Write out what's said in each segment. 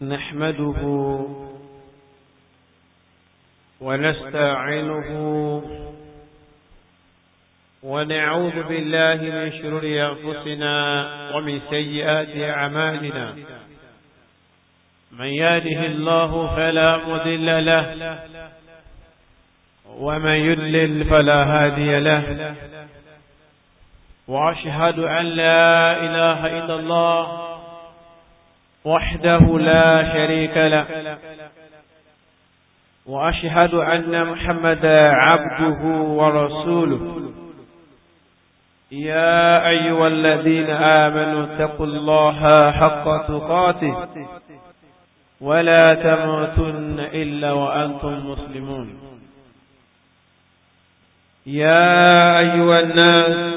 نحمده ونستعينه ونعوذ بالله من شرور أنفسنا ومن سيئات أعمالنا من يهده الله فلا مذل له ومن يدلل فلا هادي له وأشهد أن لا إله إلا الله وحده لا شريك له وأشهد أن محمد عبده ورسوله يا أيها الذين آمنوا اتقوا الله حق تقاته ولا تموتن إلا وأنتم مسلمون يا أيها الناس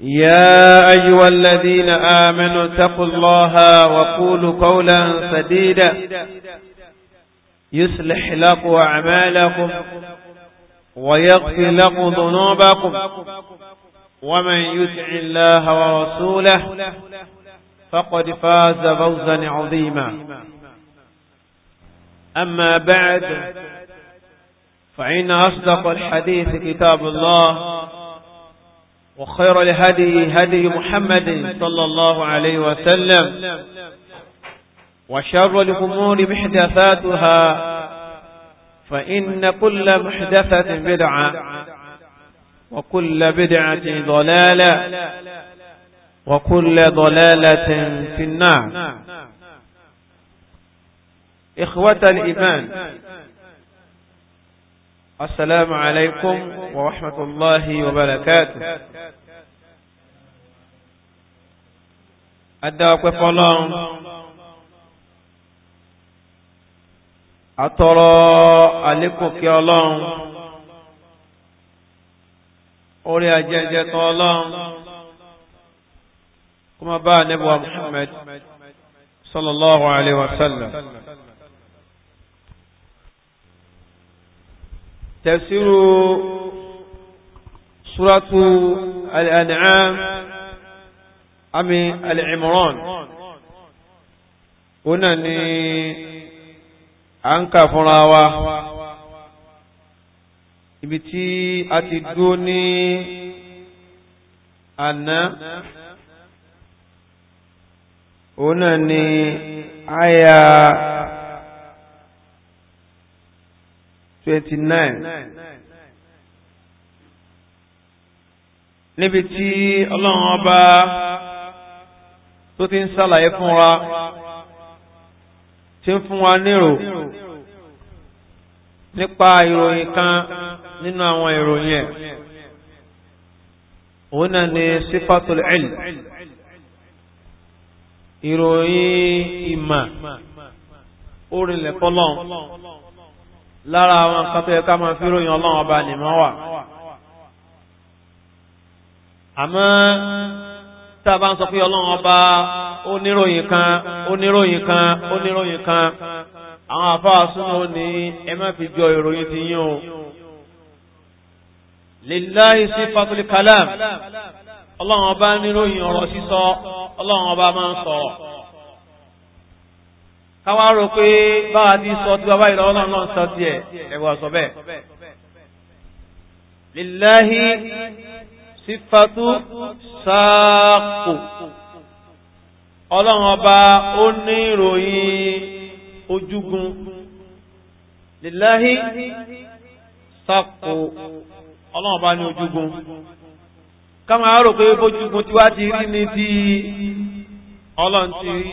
يا أيها الذين آمنوا اتقوا الله وقولوا قولا سديدا يصلح لكم أعمالكم ويغفر لكم ذنوبكم ومن يتع الله ورسوله فقد فاز فوزا عظيما أما بعد فإن أصدق الحديث كتاب الله وخير لهدي هدي محمد صلى الله عليه وسلم وشر الأمور محدثاتها فإن كل محدثة بدعة وكل بدعة ضلالة وكل ضلالة في النار إخوة الإيمان السلام عليكم ورحمة الله وبركاته الدواق فالله أترى عليكم يا الله أولي أجنجة الله كما بعد نبوة محمد صلى الله عليه وسلم تفسير سورة الأنعام أم العمران هنا أنك فراوة ibi tí أنا. ti dúó twenty nine níbi tí ọlọ́run ọba tó ti ń ṣàlàyé fún wa ti ń fún wa nírò nípa ìròyìn kan nínú àwọn ìròyìn ẹ̀ òun náà ni sifatul ilm ìròyìn ìmà orílẹ̀ fọ́lọ́n lára àwọn nǹkan tó yẹ ká máa fi ròyìn ọlọ́run ọba nìmọ́ wà àmọ́ tá a bá ń sọ pé ọlọ́run ọba oníròyìn kan oníròyìn kan oníròyìn kan àwọn àfáà súnmọ́ ní ẹ má fi jọ ìròyìn ti yín o lillahi sifatul ọlọ́run ọba níròyìn ọ̀rọ̀ sísọ ọlọ́run ọba máa ń sọ̀rọ̀ káwá rò pé báwa ti sọ tí bàbá ìlọ ọlọ́run náà sọ tiẹ̀ ẹ̀wọ̀ sọ bẹ́ẹ̀. lillahi sífàtú sáàkù ọlọ́run ọba ó ní ìròyìn ojúgun lillahi sáàkù ọlọ́run ọba ní ojúgun káwọn arò pé bójúgun tí wá ti rí ní ti ọlọ́run ti rí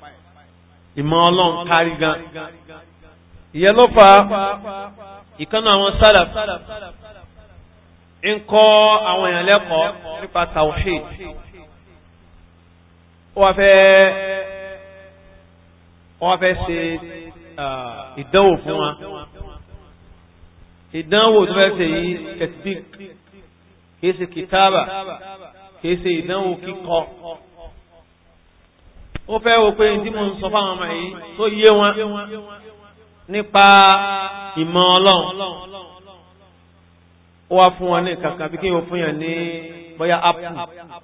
ìmọ̀ ọlọ́run kárí gan ìyẹn ló fa ìkànnà àwọn sálà ń kọ́ àwọn èèyàn lẹ́kọ̀ọ́ nípa tawhid wọ́n fẹ́ wọ́n fẹ́ ṣe ìdánwò fún wa ìdánwò tó fẹ́ ṣe yìí tẹ̀síbík kìí ṣe kìtàbà kìí ṣe ìdánwò kíkọ́ ó fẹ́ wo pé tí mo ń sọ fáwọn ọmọ yìí tó yé wọn nípa ìmọ̀ ọlọ́run ó wá fún wọn ní kankan bí kí o fún yàn ní bóyá apple ó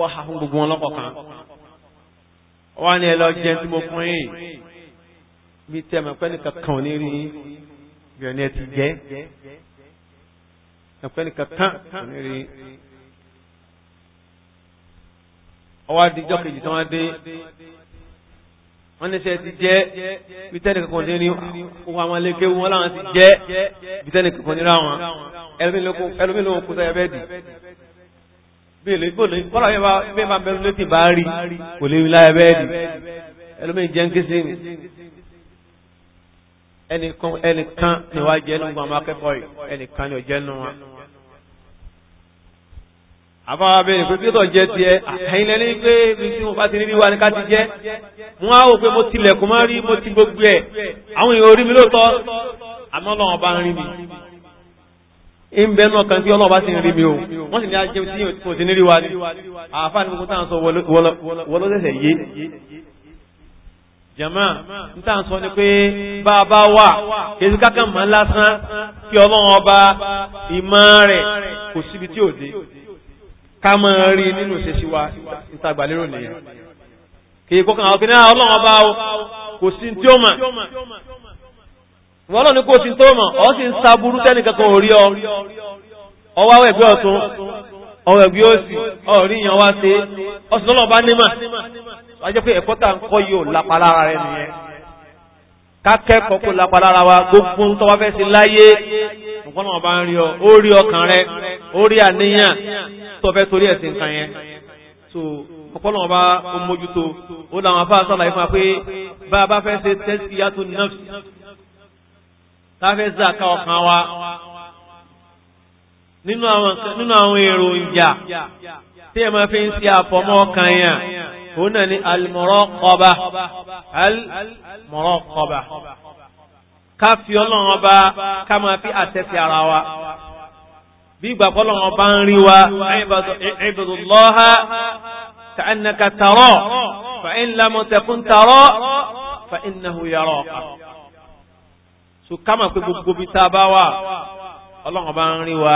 wá ha fún gbogbo wọn lọ́kọ̀ọ̀kan ó wá ní ẹ lọ jẹ tí mo fún yìí bí tẹ́ mọ̀ pẹ́ nìkan kan ò ní rí bí ẹ ti jẹ́ ẹ̀pẹ́ nìkan kan ò ní rí ọwọ́ adijọ́ kejì tán wá dé wọ́n ní sẹ́ ti jẹ́ bítẹ́nì kankan ní ní ohun àwọn alékéwú wọ́n láwọn ti jẹ́ bítẹ́nì kankan ní ráwọn ẹlòmí ló ń kú sẹ́yẹ bẹ́ẹ̀dì bí èlé gbòlè kọ́lá bí bá bẹ́ẹ̀ lótì bá rí kò lè rí láyẹ bẹ́ẹ̀dì ẹlòmí jẹ́ ń kése ní ẹnìkan ni wá jẹ́ nínú àwọn akẹ́kọ̀ọ́ yìí ẹnìkan ni ò jẹ́ nínú wọn àbá wa bèèrè pé pítọ̀ jẹ́ ti ẹ àtẹ́yìnlẹ́ ní pé bí mo bá ti rí bí wa ní ká ti jẹ́ wọ́n á wò pé mo tilẹ̀kùn mọ́ rí mo ti gbogbo ẹ̀ àwọn èèyàn orí mi lóòótọ́ àmọ́ Ọlọ́run bá ń rí mi ń bẹ náà kan tí Ọlọ́run bá ti rí mi o wọ́n sì ní ajé tí mo ti ní rí wa ní àáfà ní gbogbo táwọn sọ wọlọ́sẹ̀sẹ̀ yé jama n sọ ni pé bá a bá wà kèsì kákan mọ́ lásán ọba ìmọ̀ rẹ̀ kò síbi tí ò dé ká mọ́ rí nínú ìṣesí wa ìtagbàlérò nìyẹn kìí kọ́kàn àwọn kìnnà ah, ọlọ́run ọba o kò sí tí ó mọ̀ wọ́n lọ ní kò sí tó mọ̀ ọ́ sì ń saburú tẹ́nìkankan ò rí ọ ọwọ́ àwọn ẹgbẹ́ ọ̀tún ọwọ́ ẹgbẹ́ òsì ọ̀rí ìyàn wá ṣe ọ̀sìn lọ́lọ́ bá nímọ̀ wá jẹ́ pé ẹ̀kọ́ tà ń kọ́ yóò lápa lára rẹ nìyẹn ká kẹ́kọ̀ọ́ kó lápa lára wa gbogbo tó wá ọ̀pọ̀lọpọ̀ bá ń rí ọ ó rí ọkàn rẹ ó rí àníyàn tó fẹ́ torí ẹ̀sìn kan yẹn so ọ̀pọ̀lọpọ̀ bá ó mójútó ó làwọn afá sàlàyé fún wa pé bá a bá fẹ́ ṣe tẹ́síkìyàtò nọ́ọ̀sì táfẹ́ zàkà ọkàn wa nínú àwọn èrò ìjà tí ẹ máa fi ń sí àfọmọ́ ọkàn yẹn òun náà ni al-muraqaba al-muraqaba ká fi ọlọ́run ọba ká máa fi àtẹ́sí ara wa bí ìgbà fọ́lọ́run ọba ń rí wa ibudullaha ka'annaka tara fa in lam takun tara fa innahu yaraka so ká máa pé gbogbo bí tá bá wà ọlọ́run ọba ń rí wa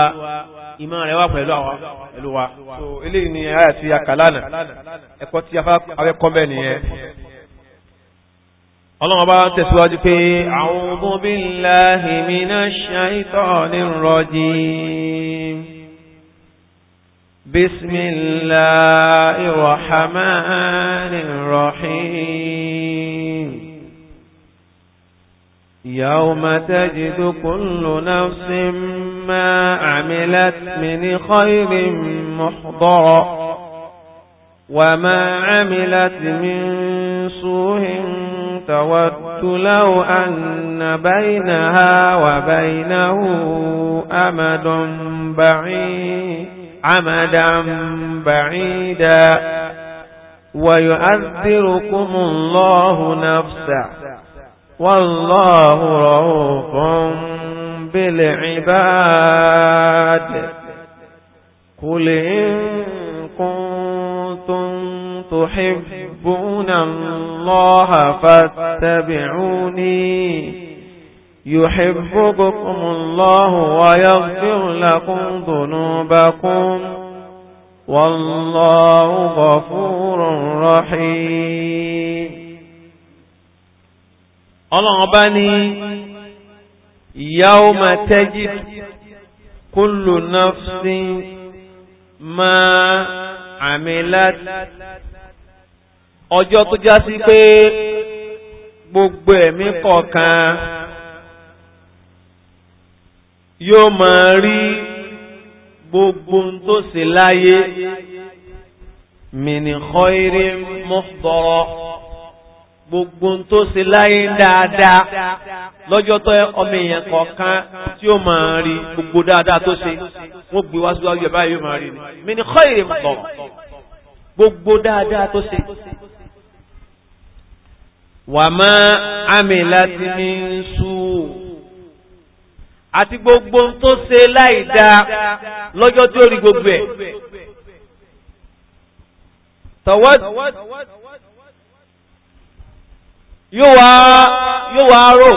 ìmọ̀ rẹ̀ wà pẹ̀lú àwọn ẹlú wa so eléyìí ni àyà tí a ẹ̀kọ́ tí a bẹ́ẹ̀ nìyẹn الله تسواج في أعوذ بالله من الشيطان الرجيم بسم الله الرحمن الرحيم يوم تجد كل نفس ما عملت من خير محضر وما عملت من سوء تود لو أن بينها وبينه أمد بعيد عمدا بعيدا ويؤذركم الله نفسه والله رؤوف بالعباد قل إن كنت كنتم تحبون الله فاتبعوني يحبكم الله ويغفر لكم ذنوبكم والله غفور رحيم الله بني يوم تجد كل نفس ما àmìlẹ́t ọjọ́ tó já sí pé gbogbo ẹ̀mí kọ̀ọ̀kan yóò máa rí gbogbo tó sì láyé mìnìkọ́ eré mọ́bọ̀rọ̀ gbogbo tó sì láyé dáadáa lọ́jọ́ tó ọmọ èèyàn kọ̀ọ̀kan tí ó máa rí gbogbo dáadáa tó ṣe wọ́n gbé wá síwájú ẹ̀ báyìí rí mìnìkọ́ eré mọ́bọ̀rọ̀ gbogbo dáadáa tó ṣe wà má àmì láti ní sú àti gbogbo tó ṣe láìdá lọ́jọ́ tí ó rí gbogbo ẹ̀ yóò wá rò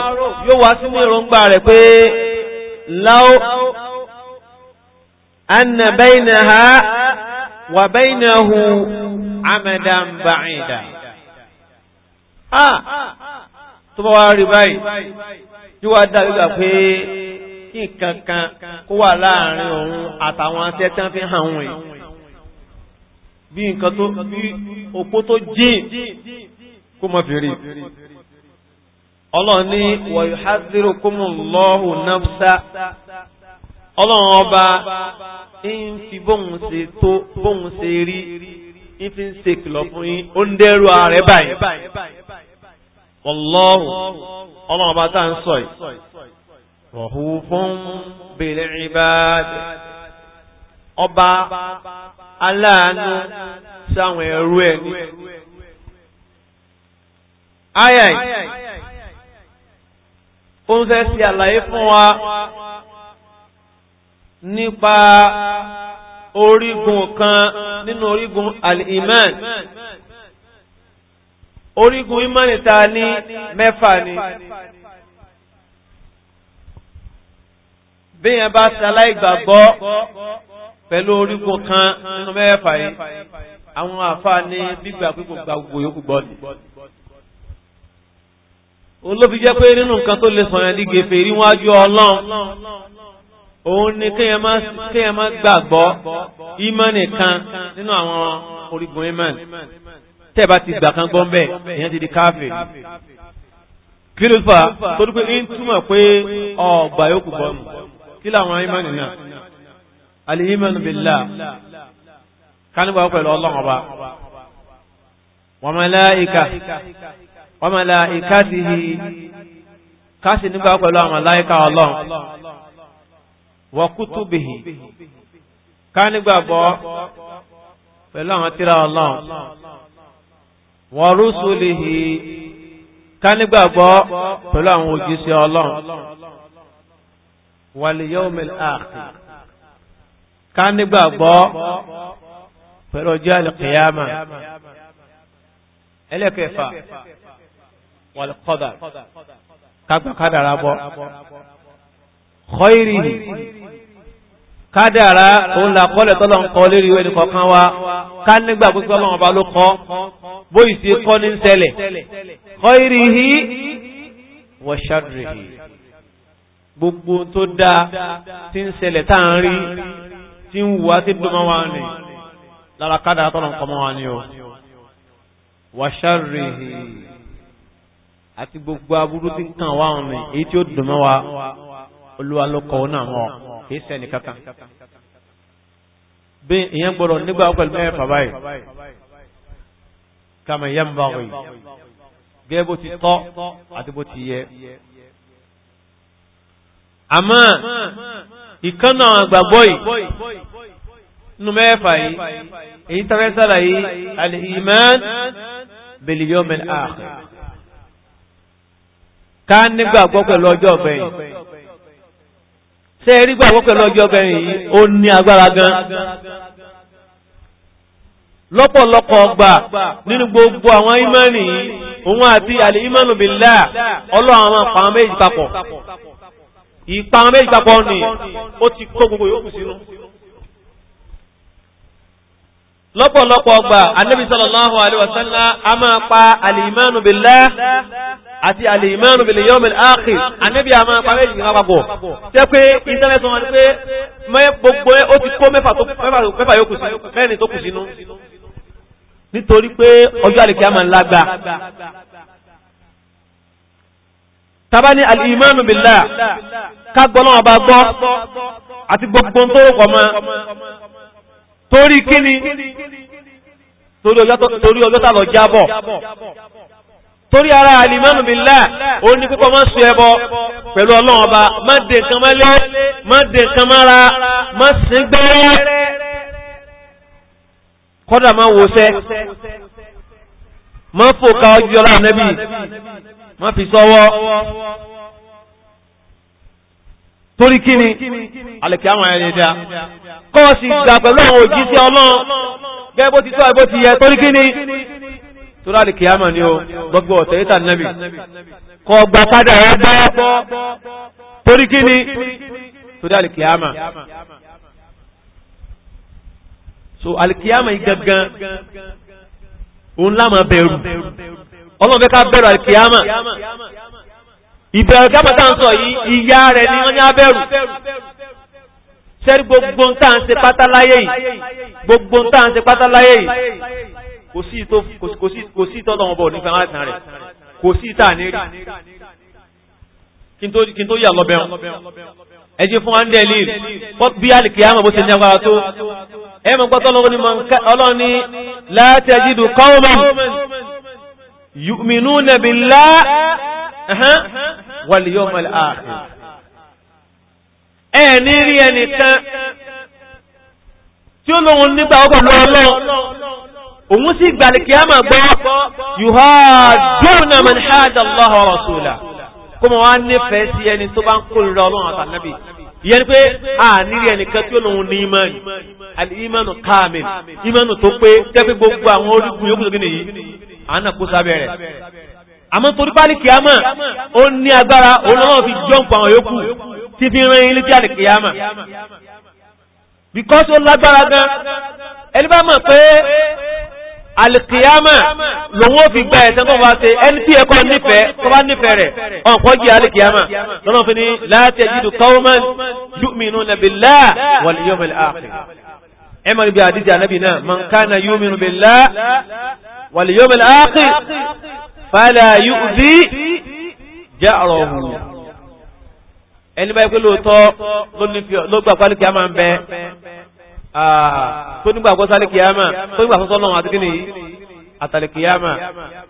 yóò wá sínú ìrọ̀ǹgbà rẹ̀ pé láó anna bainaha wa baynahu amadan ba'ida ah tó bá wá rí báyìí yóò wá dá gbígbà pé kí nǹkan kan kó wà láàrin òun àtàwọn fi hàn wọ̀nyí bí nǹkan tó bí òpó tó jìn kó mọ́ fèrè ọlọ́run ní wa yuhadhdhirukumullahu nafsa ọlọ́run ọba ń fi bóhun ṣe tó bóhun ṣe rí ń fi ń ṣe kìlọ̀ fún yín ó ń dẹ́rù ààrẹ báyìí ọlọ́run ọlọ́run bá tá ń sọ yìí ọ̀hún fún bèrè ìbáàdì ọba aláàánú sáwọn ẹrú ẹ̀ ní ayáì ó ń fẹ́ sí àlàyé fún wa nípa orígun kan nínú orígun al-iman orígun imani ta ní mẹ́fà ni bí yẹn bá ṣaláìgbàgbọ́ pẹ̀lú orígun kan nínú mẹ́fà yìí àwọn àfáà ní gbígbà pípò gbogbo yóò gbọ́ ni olófijẹ́ pé nínú nǹkan tó lè sọ̀rọ̀ ẹ̀dí gèfè ríwájú ọlọ́run òun ni kéèyàn má gbàgbọ́ ìmánì kan nínú àwọn orígun ìmánì tẹ́ẹ̀bá ti gbà kan gbọ́n bẹ́ẹ̀ èèyàn ti di káfíìn kí ló fà tó dúpé ń túmọ̀ pé ọ̀gbà yókù bọ́ọ̀mù kí làwọn ìmánì náà al-imanu billah kánúgbà pẹ̀lú ọlọ́run ọba wa malaika wa malaikatihi wa kutubihi ká nígbàgbọ́ pẹ̀lú àwọn tírà ọlọ́run wa rusulihi ká nígbàgbọ́ pẹ̀lú àwọn òjíṣẹ́ ọlọ́run wal yawmil akhir ká nígbàgbọ́ pẹ̀lú ọjọ́ alìkìyàmà ẹlẹ́kẹfà wal qadar ká gbà kádàrá bọ́ kọ́ìrì kádàrá òun là kọ́lẹ̀ tọ́lọ̀ ń kọ́ lérí ẹni kọ̀ọ̀kan wa ká nígbà pípẹ́ ọlọ́run ọba ló kọ́ bóyì sí kọ́ ní ṣẹlẹ̀ kọ́ìrì hí wọ́ṣàdùrì hí gbogbo tó dá tí ń ṣẹlẹ̀ tá à ń rí tí ń wa ní lára kádàrá tọ́lọ̀ ń kọ́ wa ní o wọ́ṣàdùrì hí àti gbogbo aburú tí ń kàn wá ní èyí tí ó dùnmọ́ wa olúwa ló kọ ọ́ náà mọ́ kìí sẹ́ni kankan. bí ìyẹn gbọ́dọ̀ nígbà pẹ̀lú mẹ́rin bàbá yìí kàmá ìyá ń bá wọ̀ yìí gẹ́gẹ́ bó ti tọ́ àti bó ti yẹ. àmọ́ ìkànnà àgbàgbọ́ yìí nínú mẹ́fà yìí èyí tẹ́fẹ́ sára yìí al-iman bil ká nígbàgbọ́ pẹ̀lú ọjọ́ ọ̀gbẹ̀yìn ṣe rí gbàgbọ́ pẹ̀lú ọjọ́ ọkùnrin yìí ó ní agbára gan lọ́pọ̀lọpọ̀ ọgbà nínú gbogbo àwọn ìmánì òun àti àlè ìmánu billah ọlọ́run àwọn àpàwọn méjì papọ̀ ìpàwọn méjì papọ̀ ni ó ti kó gbogbo yòókù sínú lọ́pọ̀lọpọ̀ ọgbà Ànábì sallallahu alaihi a máa pa àlè àti al-imanu bil-yawmil akhir ànábì àmọ́ pàmẹ́ ìjìnlá papọ̀ tẹ́ pé ìtẹ́lẹ̀tọ́ wọn pé gbogbo ó ti kó mẹ́fà yóò kù sí mẹ́rin tó kù sínú nítorí pé ọjọ́ àlìkíyàmá lágbà tàbá ní al-imanu billah kágbọ́n náà bá gbọ́ àti gbogbo tó rọ̀kọ̀ mọ́ torí kíni torí ọjọ́ tàbí ọjọ́ jábọ̀ torí ara alìmọ́nù billah ó ní pípọ̀ mọ́ sí ẹbọ pẹ̀lú ọlọ́run ọba má dé nǹkan mọ́lé má dé nǹkan mọ́ra má sí gbẹ́rẹ́ kọ́dà má wòsẹ́ má fòkà ọjọ́ ọlá nẹ́bì má fi sọ́wọ́ torí kí ni alẹ́kẹ́ àwọn ẹni dá kọ́ sì gbà pẹ̀lú àwọn òjíṣẹ́ ọlọ́run gẹ́gẹ́ bó ti tọ́ ẹ bó ti yẹ torí kí ni tóra lè kìyàmà ní o gbogbo ọ̀tẹ̀ ìta nẹ́bì kọ gba kádà ẹ gbọ́ torí kí ni tóra lè kìyàmà so alìkìyàmà yìí gangan òun lámà bẹ̀rù ọlọ́run fẹ́ ká bẹ̀rù alìkìyàmà ìbẹ̀rù kámà tá ń sọ ìyá rẹ̀ ni wọ́n ní abẹ́rù sẹ́rí gbogbo ń tà ń ṣe kò sí ìtọ́lọ́ ọmọ nífẹ̀ẹ́ láti rẹ̀ kò sí ìta ní rí kí n tó yà lọ́bẹ̀rún ẹjí fún andẹ́lì bí alìkì àmà bó ṣe ní agbára tó ẹmọ pọ́tọ́ ọlọ́ni látẹ̀jídù kọ́ọ̀mọ̀n yùmínú nẹ̀bí lá ààrẹ ẹ̀ ní rí ẹnìkan tí ó lóhun nígbà ọgbọ̀n lọ́ọ̀lọ́ òun sì gbàlẹ̀ kí a máa gbọ́ yuhaduna man hada Allah wa rasulahu kó mọ̀ wá nífẹ̀ẹ́ sí ẹni tó bá ń kó lọ ọlọ́run àtànábì ìyẹn pé a nírí ẹnìkan tí ó lòun ní ìmánì alìmánù àmọ́ torí pálí kìámà ó ní agbára olóòrùn fi jọ́ǹpù àwọn yòókù ti fi ran ilé tí àlìkìámà because ó lágbára gan ẹni mọ̀ pé alìkìyàmà lòun ó fi gba ẹ̀sẹ̀ tó bá ṣe ẹni tí ẹkọ́ nífẹ̀ẹ́ tó bá nífẹ̀ẹ́ rẹ̀ ọ̀pọ̀ jí alìkìyàmà lọ́nà fi ní láti ẹ̀jìdù qawman yu'minuna billahi wal yawmil akhir ẹmọ̀rin bí àdíjì ànábì náà man kana yu'minu billahi wal yawmil akhir fala yu'zi jarahu ẹni báyìí pé lóòótọ́ ló gbà pálíkìyàmà ń bẹ Ah, tó nígbà gbọ́ sálẹ̀ kìyàmà tó nígbà sọ́sọ́ náà àti kíni àtàlẹ̀ kìyàmà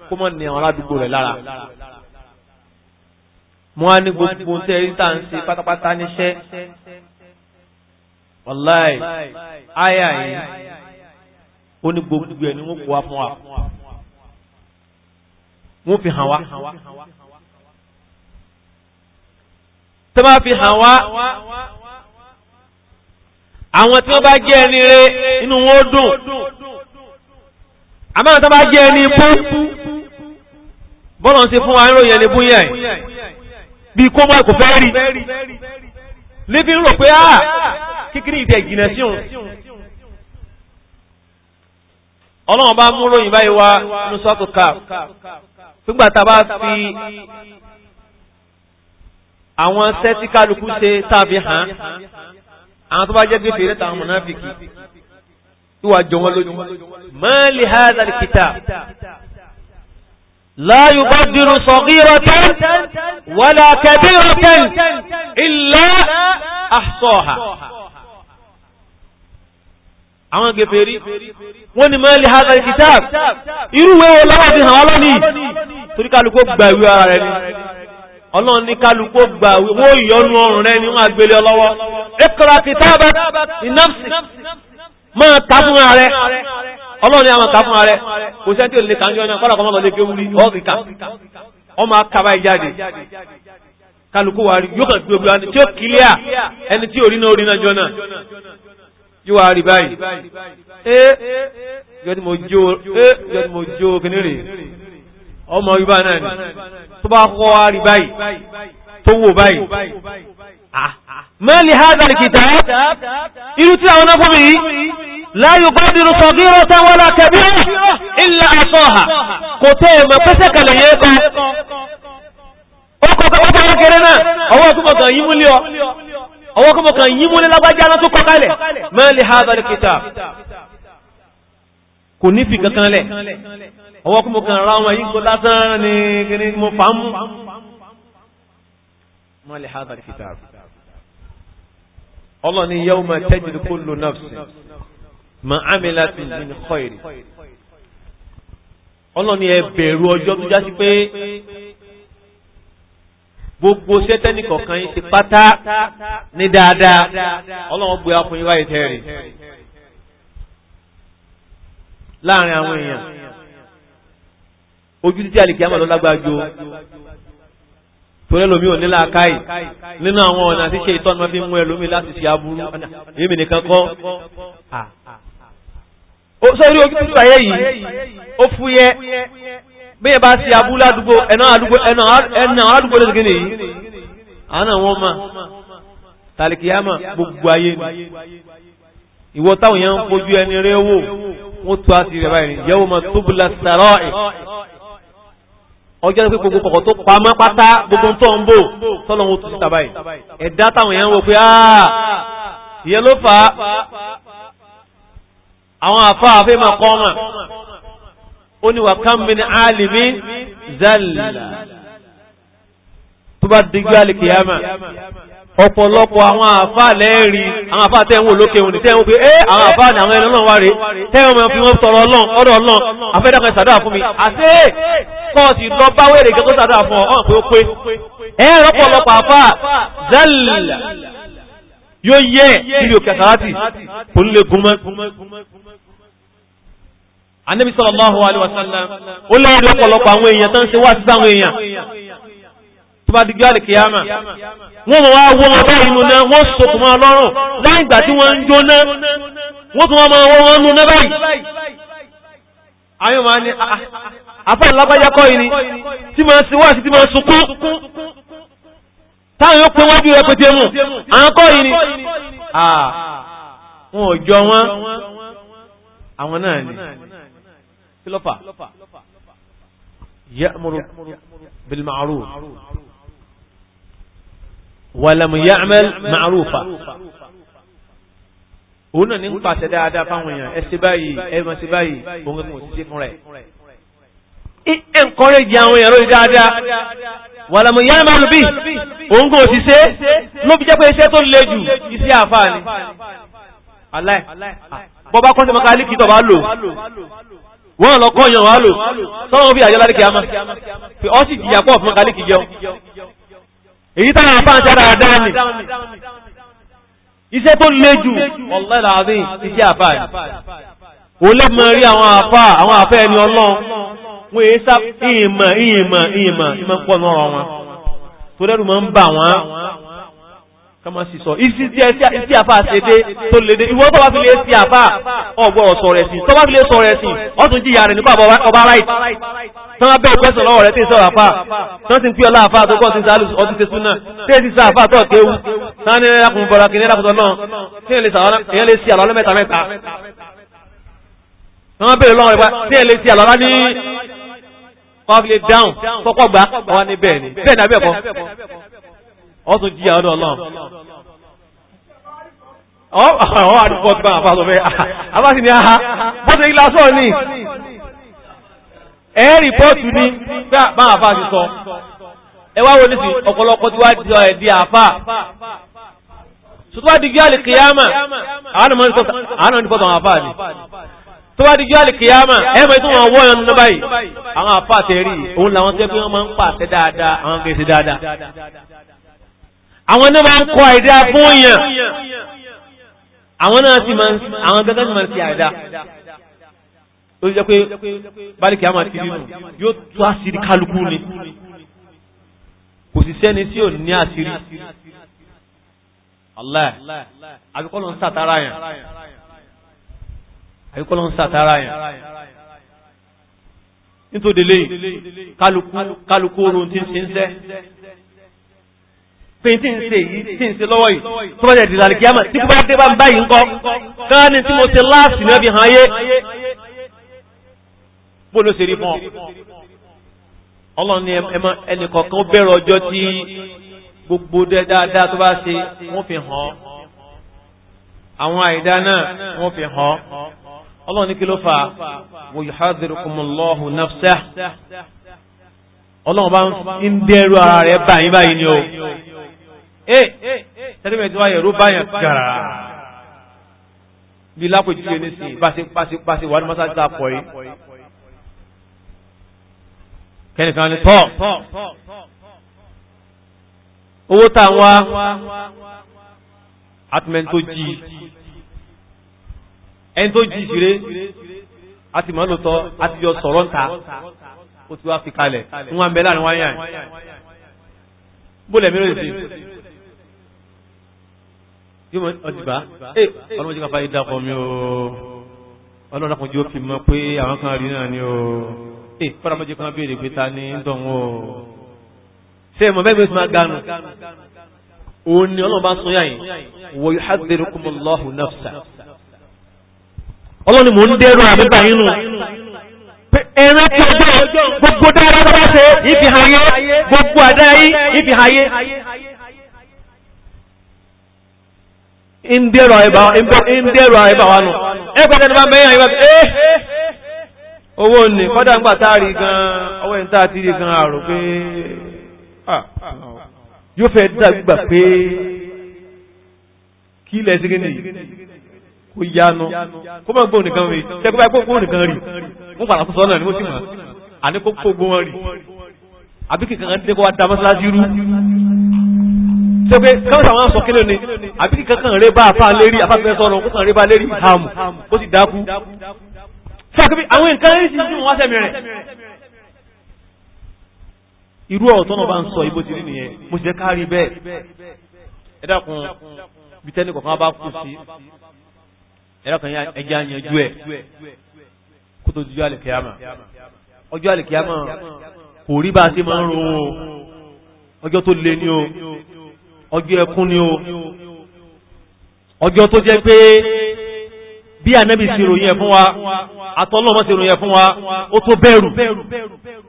kó mọ̀ ní àwọn aládùúgbò rẹ̀ lára mo á ní gbogbo tẹ́ rí tá ń se. pátápátá níṣẹ́ wàláì àyà yìí ó ní gbogbo ẹ̀ ní wọ́n kó wa fún wa wọ́n fi hàn wá tẹ́ bá fi hàn wá àwọn tí wọ́n bá jẹ́ ẹni rẹ̀ inú wọn ó dùn àmọ́ àwọn tí wọ́n bá jẹ́ ẹni bú bọ́lọ̀ ń ṣe fún wa ń ròyìn ẹni bú yẹn bí kó mọ́ kò fẹ́ rí lébi ń rò pé á ah, kíkiri ìdẹ̀ ìjìnà sí òun ọlọ́run bá mú ròyìn báyìí wá ní sọ́tò ká nígbà tá a bá fi àwọn sẹ́tíkálukú ṣe tàbí hàn àwọn tó bá jẹ́ gbèsè rẹ̀ táwọn mọ̀náfíkì ìwà jọ wọn lójú ma li hadha al-kitab la yubadiru saghiratan wala kabiratan illa ahsaha àwọn gẹ̀fẹ̀rí wọ́n ni ma li hadha al irúwẹ́ wọn lọ́wọ́ ọlọ́run ní kálukú gba wó ìyọnu ọrùn rẹ ni wọ́n àgbélé ọlọ́wọ́ ẹkọ̀rọ̀ kìtàbà ìnáfsì ma ta fún ààrẹ ọlọ́run ní àwọn ta fún ààrẹ kò sẹ́ tí ò lè kàńjọ́ náà kọ́lọ̀kọ́ mọ́ gé wúrí ọ́ọ̀kìká ọmọ akaba ìjáde kálukú wa rí yóò kàn gbé ogun tí ó ẹni tí orí náà orí náà jọ náà yóò wá rí báyìí ẹ mo jó ọmọ ibá náà ni tó bá kọ́ wá rí báyìí tó wò báyìí mẹ́lì hádàlì kìtà irú tí àwọn náà fúnmi yìí láyò gbádìrú sọ̀gírọ̀ tẹ́wọ́lá kẹbí ilẹ̀ àṣọ́hà kò tẹ́ ẹ̀mọ̀ pẹ́sẹ̀ kẹlẹ̀ yẹ kọ́ ọkọ̀ ọkọ̀ kékeré náà ọwọ́ tó mọ̀kàn yí múlé ọ kankan lẹ̀ ọwọ́ kí mo kàn ra wọn yìí kó lásán ni kí ni mo fà mú ma li hadha al-kitab Allah ni yawma tajidu kullu nafsin ma amilat min khairin Allah ni ẹ bẹ̀rù ọjọ́ tó já sí pé gbogbo sẹ́tẹ́nì kọ̀ọ̀kan yìí ti pátá ní dáadáa ọlọ́run gbé ọkùnrin wáyé tẹ́rì láàrin àwọn èèyàn ojú títí àlìkíyàmà lọ lágbára ju torí lomi ò nílá káì nínú àwọn ọ̀nà àti ṣe ìtọ́nu máa fi mú ẹlòmí láti ṣe aburú èmi nìkan kọ́ sórí ojú títí ayé yìí ó fúyẹ́ bí ẹ bá ṣe aburú ládùúgbò ẹ̀nà àdúgbò lè gẹ́nì yìí àwọn àwọn ọmọ tàlìkíyàmà gbogbo ayé ni ìwọ táwọn yẹn ń fojú ẹni rẹ̀ wò wọ́n tó àti rẹ̀ báyìí yẹ́wò mọ́ tóbulẹ̀ sàrọ́ ẹ̀ ọjọ́ pé gbogbo kọ̀kọ̀ tó pamọ́ pátá gbogbo tó ń bò tọ́lọ́wọ́ tó ti tàbáyì ẹ̀dá táwọn èèyàn wò pé àà ìyẹn ló fà á àwọn àfá àfẹ́ máa kọ́ ọmọ ó ní wà kánbin alìmí zalla tó bá digbá alìkìyàmà ọ̀pọ̀lọpọ̀ àwọn àfáà lẹ́ẹ̀rí àwọn àfáà tẹ́wọ̀n olókè òní tẹ́wọ̀n pé ẹ́ eh, àwọn àfáà ní àwọn ẹlọ́nà wáre tẹ́wọ̀n mọ̀ fi wọ́n tọrọ ọ̀dọ̀ ọlọ́n afẹ́dàkọ̀ ìsàdọ́wà fún mi àti kọ́ọ̀sì lọ bá wẹ́rẹ̀ gẹ́gọ́ sàdọ́wà fún ọ̀hún pé ó pé ẹ́ rọ́pọ̀lọpọ̀ àfáà zẹ́lìlà yóò yẹ níbi òkè sàrátì kò ń wasallam ó lẹ́yìn lọ́pọ̀lọpọ̀ àwọn èèyàn tó ń ṣe wá sí sáwọn èèyàn tó bá digbá lè kíyàmà wọ́n mọ̀ wá wọ́n mọ̀ báyìí nù náà wọ́n sọkùn mọ́ ọlọ́rùn láì ìgbà tí wọ́n ń jóná wọ́n tún wọ́n mọ̀ wọ́n wọ́n nù náà báyìí ayọ́ máa ní ah, ah, ah, àfà ìlágbájá kọ́ yìí ni tí máa sí wá sí tí máa sunkún táwọn yóò pé wọ́n bí rẹpẹtẹ mù àwọn kọ́ yìí ni wọn ò jọ wọn àwọn náà ni kí lọ́fà ya'muru bil ma'ruf wàlẹ̀mù yàmẹ́l màrúfà òun náà ní ń pàṣẹ dáadáa fáwọn èèyàn ẹ ṣe báyìí ẹ mọ̀ ṣe báyìí òun kò sí fún rẹ̀ encourage àwọn èèyàn lórí dáadáa wàlẹ̀mù yàmẹ́l bí òun kò sí ṣe ló fi jẹ́ pé iṣẹ́ tó le jù iṣẹ́ àfáàní aláì ah, bọ́bá kọ́sẹ̀ mọ́ká alíkìtọ̀ bá lò wọ́n lọ kọ́ yàn wá lò sọ́wọ́n bí àjọ láríkì àmà pé ọ́ sì jìyà pọ̀ fún mọ́ká alíkì jẹun èyí táwọn afá ń sára dáa nì iṣẹ́ tó le jù wallahi alazim iṣẹ́ àfá ẹ̀ o lè mọ̀ rí àwọn àfá àwọn àfá ẹni ọlọ́run wọ́n èyí sá ìyìnmọ̀ kọmọ sí sọ ìsí àfà ṣedé tó lédé ìwọ́n tó bá fi lé sí àfà ọgbọ̀rọ̀ sọ̀rọ̀ ẹ̀sìn tó bá fi lé sọ̀rọ̀ ẹ̀sìn ọdún jíyà rẹ̀ nípa ọba right tán bẹ́ ìpẹ́sọ̀ lọ́wọ́ rẹ̀ tí ń sọ̀rọ̀ àfà tán ti ń pí ọlá àfà tó kọ́ sí sàálù ọdún tẹsùn náà tí ń sọ àfà tó kéwu tán ní ẹlẹ́kùn bọ̀rọ̀ kìnìyàn lákùtọ̀ náà tí ń lè sí ọ tún jíyà ọdọ ọlọ́run ọwọ́ àdúgbò gbà àfàṣọ fẹ́ àbáṣì ní aha bó ṣe ilá sọ ní ẹ̀ rìpọ́ọ̀tù ní bá àfàṣì sọ ẹ wá wọlé sí ọ̀pọ̀lọpọ̀ tí wá di ọ̀ di àfà sùtúwà di gíálì kìyàmà àwọn ọmọ ìfọ́sọ̀ àwọn àfà ni tó bá di gíálì àwọn náà máa ń kọ àìdá fún èèyàn àwọn náà sì máa ń àwọn gẹ́gẹ́ sì máa ń ti àìdá ó jẹ́ pé bálìkì àmà ti rí nù yóò tú àṣírí kálukú ni kò sì sẹ́ni tí ò ní àṣírí Allah àbíkọ́lọ́ ń sàtara yẹn àbíkọ́lọ́ ń sàtara yẹn nítorí lè kálukú orun ti ń ṣe ń sẹ́ pé tí ń ṣe yìí tí ń ṣe lọ́wọ́ yìí tó bá jẹ́ ìdìlà àlìkíyàmà tí kò bá dé bá ń báyìí ńkọ́ káà ní tí mo ṣe láàsì náà fi hàn yé bó ló ṣe rí fún ọ ọlọ́run ni ẹnì kọ̀ọ̀kan ó bẹ̀rẹ̀ ọjọ́ tí gbogbo dáadáa tó bá ṣe wọ́n fi hàn àwọn àìdá náà wọ́n fi hàn ọlọ́run ní kí ló fà wa yuhadhirukumullahu nafsah ọlọ́run bá ń bẹ̀rù ara rẹ̀ báyìí báyìí ni o ee eh, sẹ́ni mẹ́tí wáyé ẹ̀rọ báyàn gàrà bí lápòjúwe ní sìn pàṣípàṣí wà ní mọ́sáàtì tá a pọ̀ yìí kẹ́nìkan ní tọ́ owó tá a wá atúmẹ́ni tó jì ẹni tó jì ìṣeré àti mọ́lòtọ́ àtijọ́ sọ̀rọ̀ ń ta ó ti wá fi kalẹ̀ ń wá ń bẹ láàrin bólẹ̀ mìíràn yóò mọ ọtí bá ẹ dákọ̀ mi o ọlọ́run kan jẹ́ ó fi mọ́ pé àwọn kan rí náà ni o ẹ fọlọ́mọ jẹ́ kan béèrè pé ta ni ń dọ̀wọ́ o ṣé mọ̀ bẹ́ẹ̀ bí ó máa ganu òun ni ọlọ́run bá sọ yá yìí wa yuhadhdhirukumullahu nafsa ọlọ́run mò ń dẹ́rù àbúgbà yín nù ẹran tí ọjọ́ gbogbo dára bá ṣe ìfihàyé gbogbo àdáyé ìfihàyé ń dẹ̀rọ àìbà wa nù ẹ̀kọ́ kẹ́ni bá mẹ́yàn ìwà ẹ́ eh, owó ní kọ́dà ń gbàtà rí gan ọwọ́ ìta ti rí gan àrò pé ah, yóò fẹ́ dàgbà pé kí ilẹ̀ sí gẹ́nì kò yánu kó mọ̀ gbóhùn nìkan rí tẹ́kọ́ bá gbóhùn nìkan rí mú pàdà sọ́sọ́ náà ni mo sì mọ̀ àní kó gbóhùn rí àbí kìkan dé kó wá dá mọ́sálásí rú ṣe pé káwọn sàwọn sọ kílò ni àbí kankan rẹ bá àfáà lérí àfáàfẹ́ sọ̀rọ̀ kankan rẹ bá lérí hàmù ó sì dákú sàkébí àwọn nǹkan rí sí ìdún wọ́n sẹ́mi rẹ̀ irú ọ̀tọ́nà bá ń sọ ibo ti rí nìyẹn mo sì jẹ́ ká rí bẹ́ẹ̀ ẹ dákun bí tẹ́nì kọ̀ọ̀kan bá kú sí ẹ dákun ẹja yanjú ẹ kó tó dojú àlìkíyàmà ọjọ́ àlìkíyàmà kò rí bá a ti máa ń ro ọjọ́ tó le ní o ọjọ́ ẹkún ni o ọjọ́ tó jẹ́ pé bí ànábì sí ròyìn ẹ̀ wa àtọ́lọ́mọ́ sí ròyìn ẹ̀ wa ó tó bẹ̀rù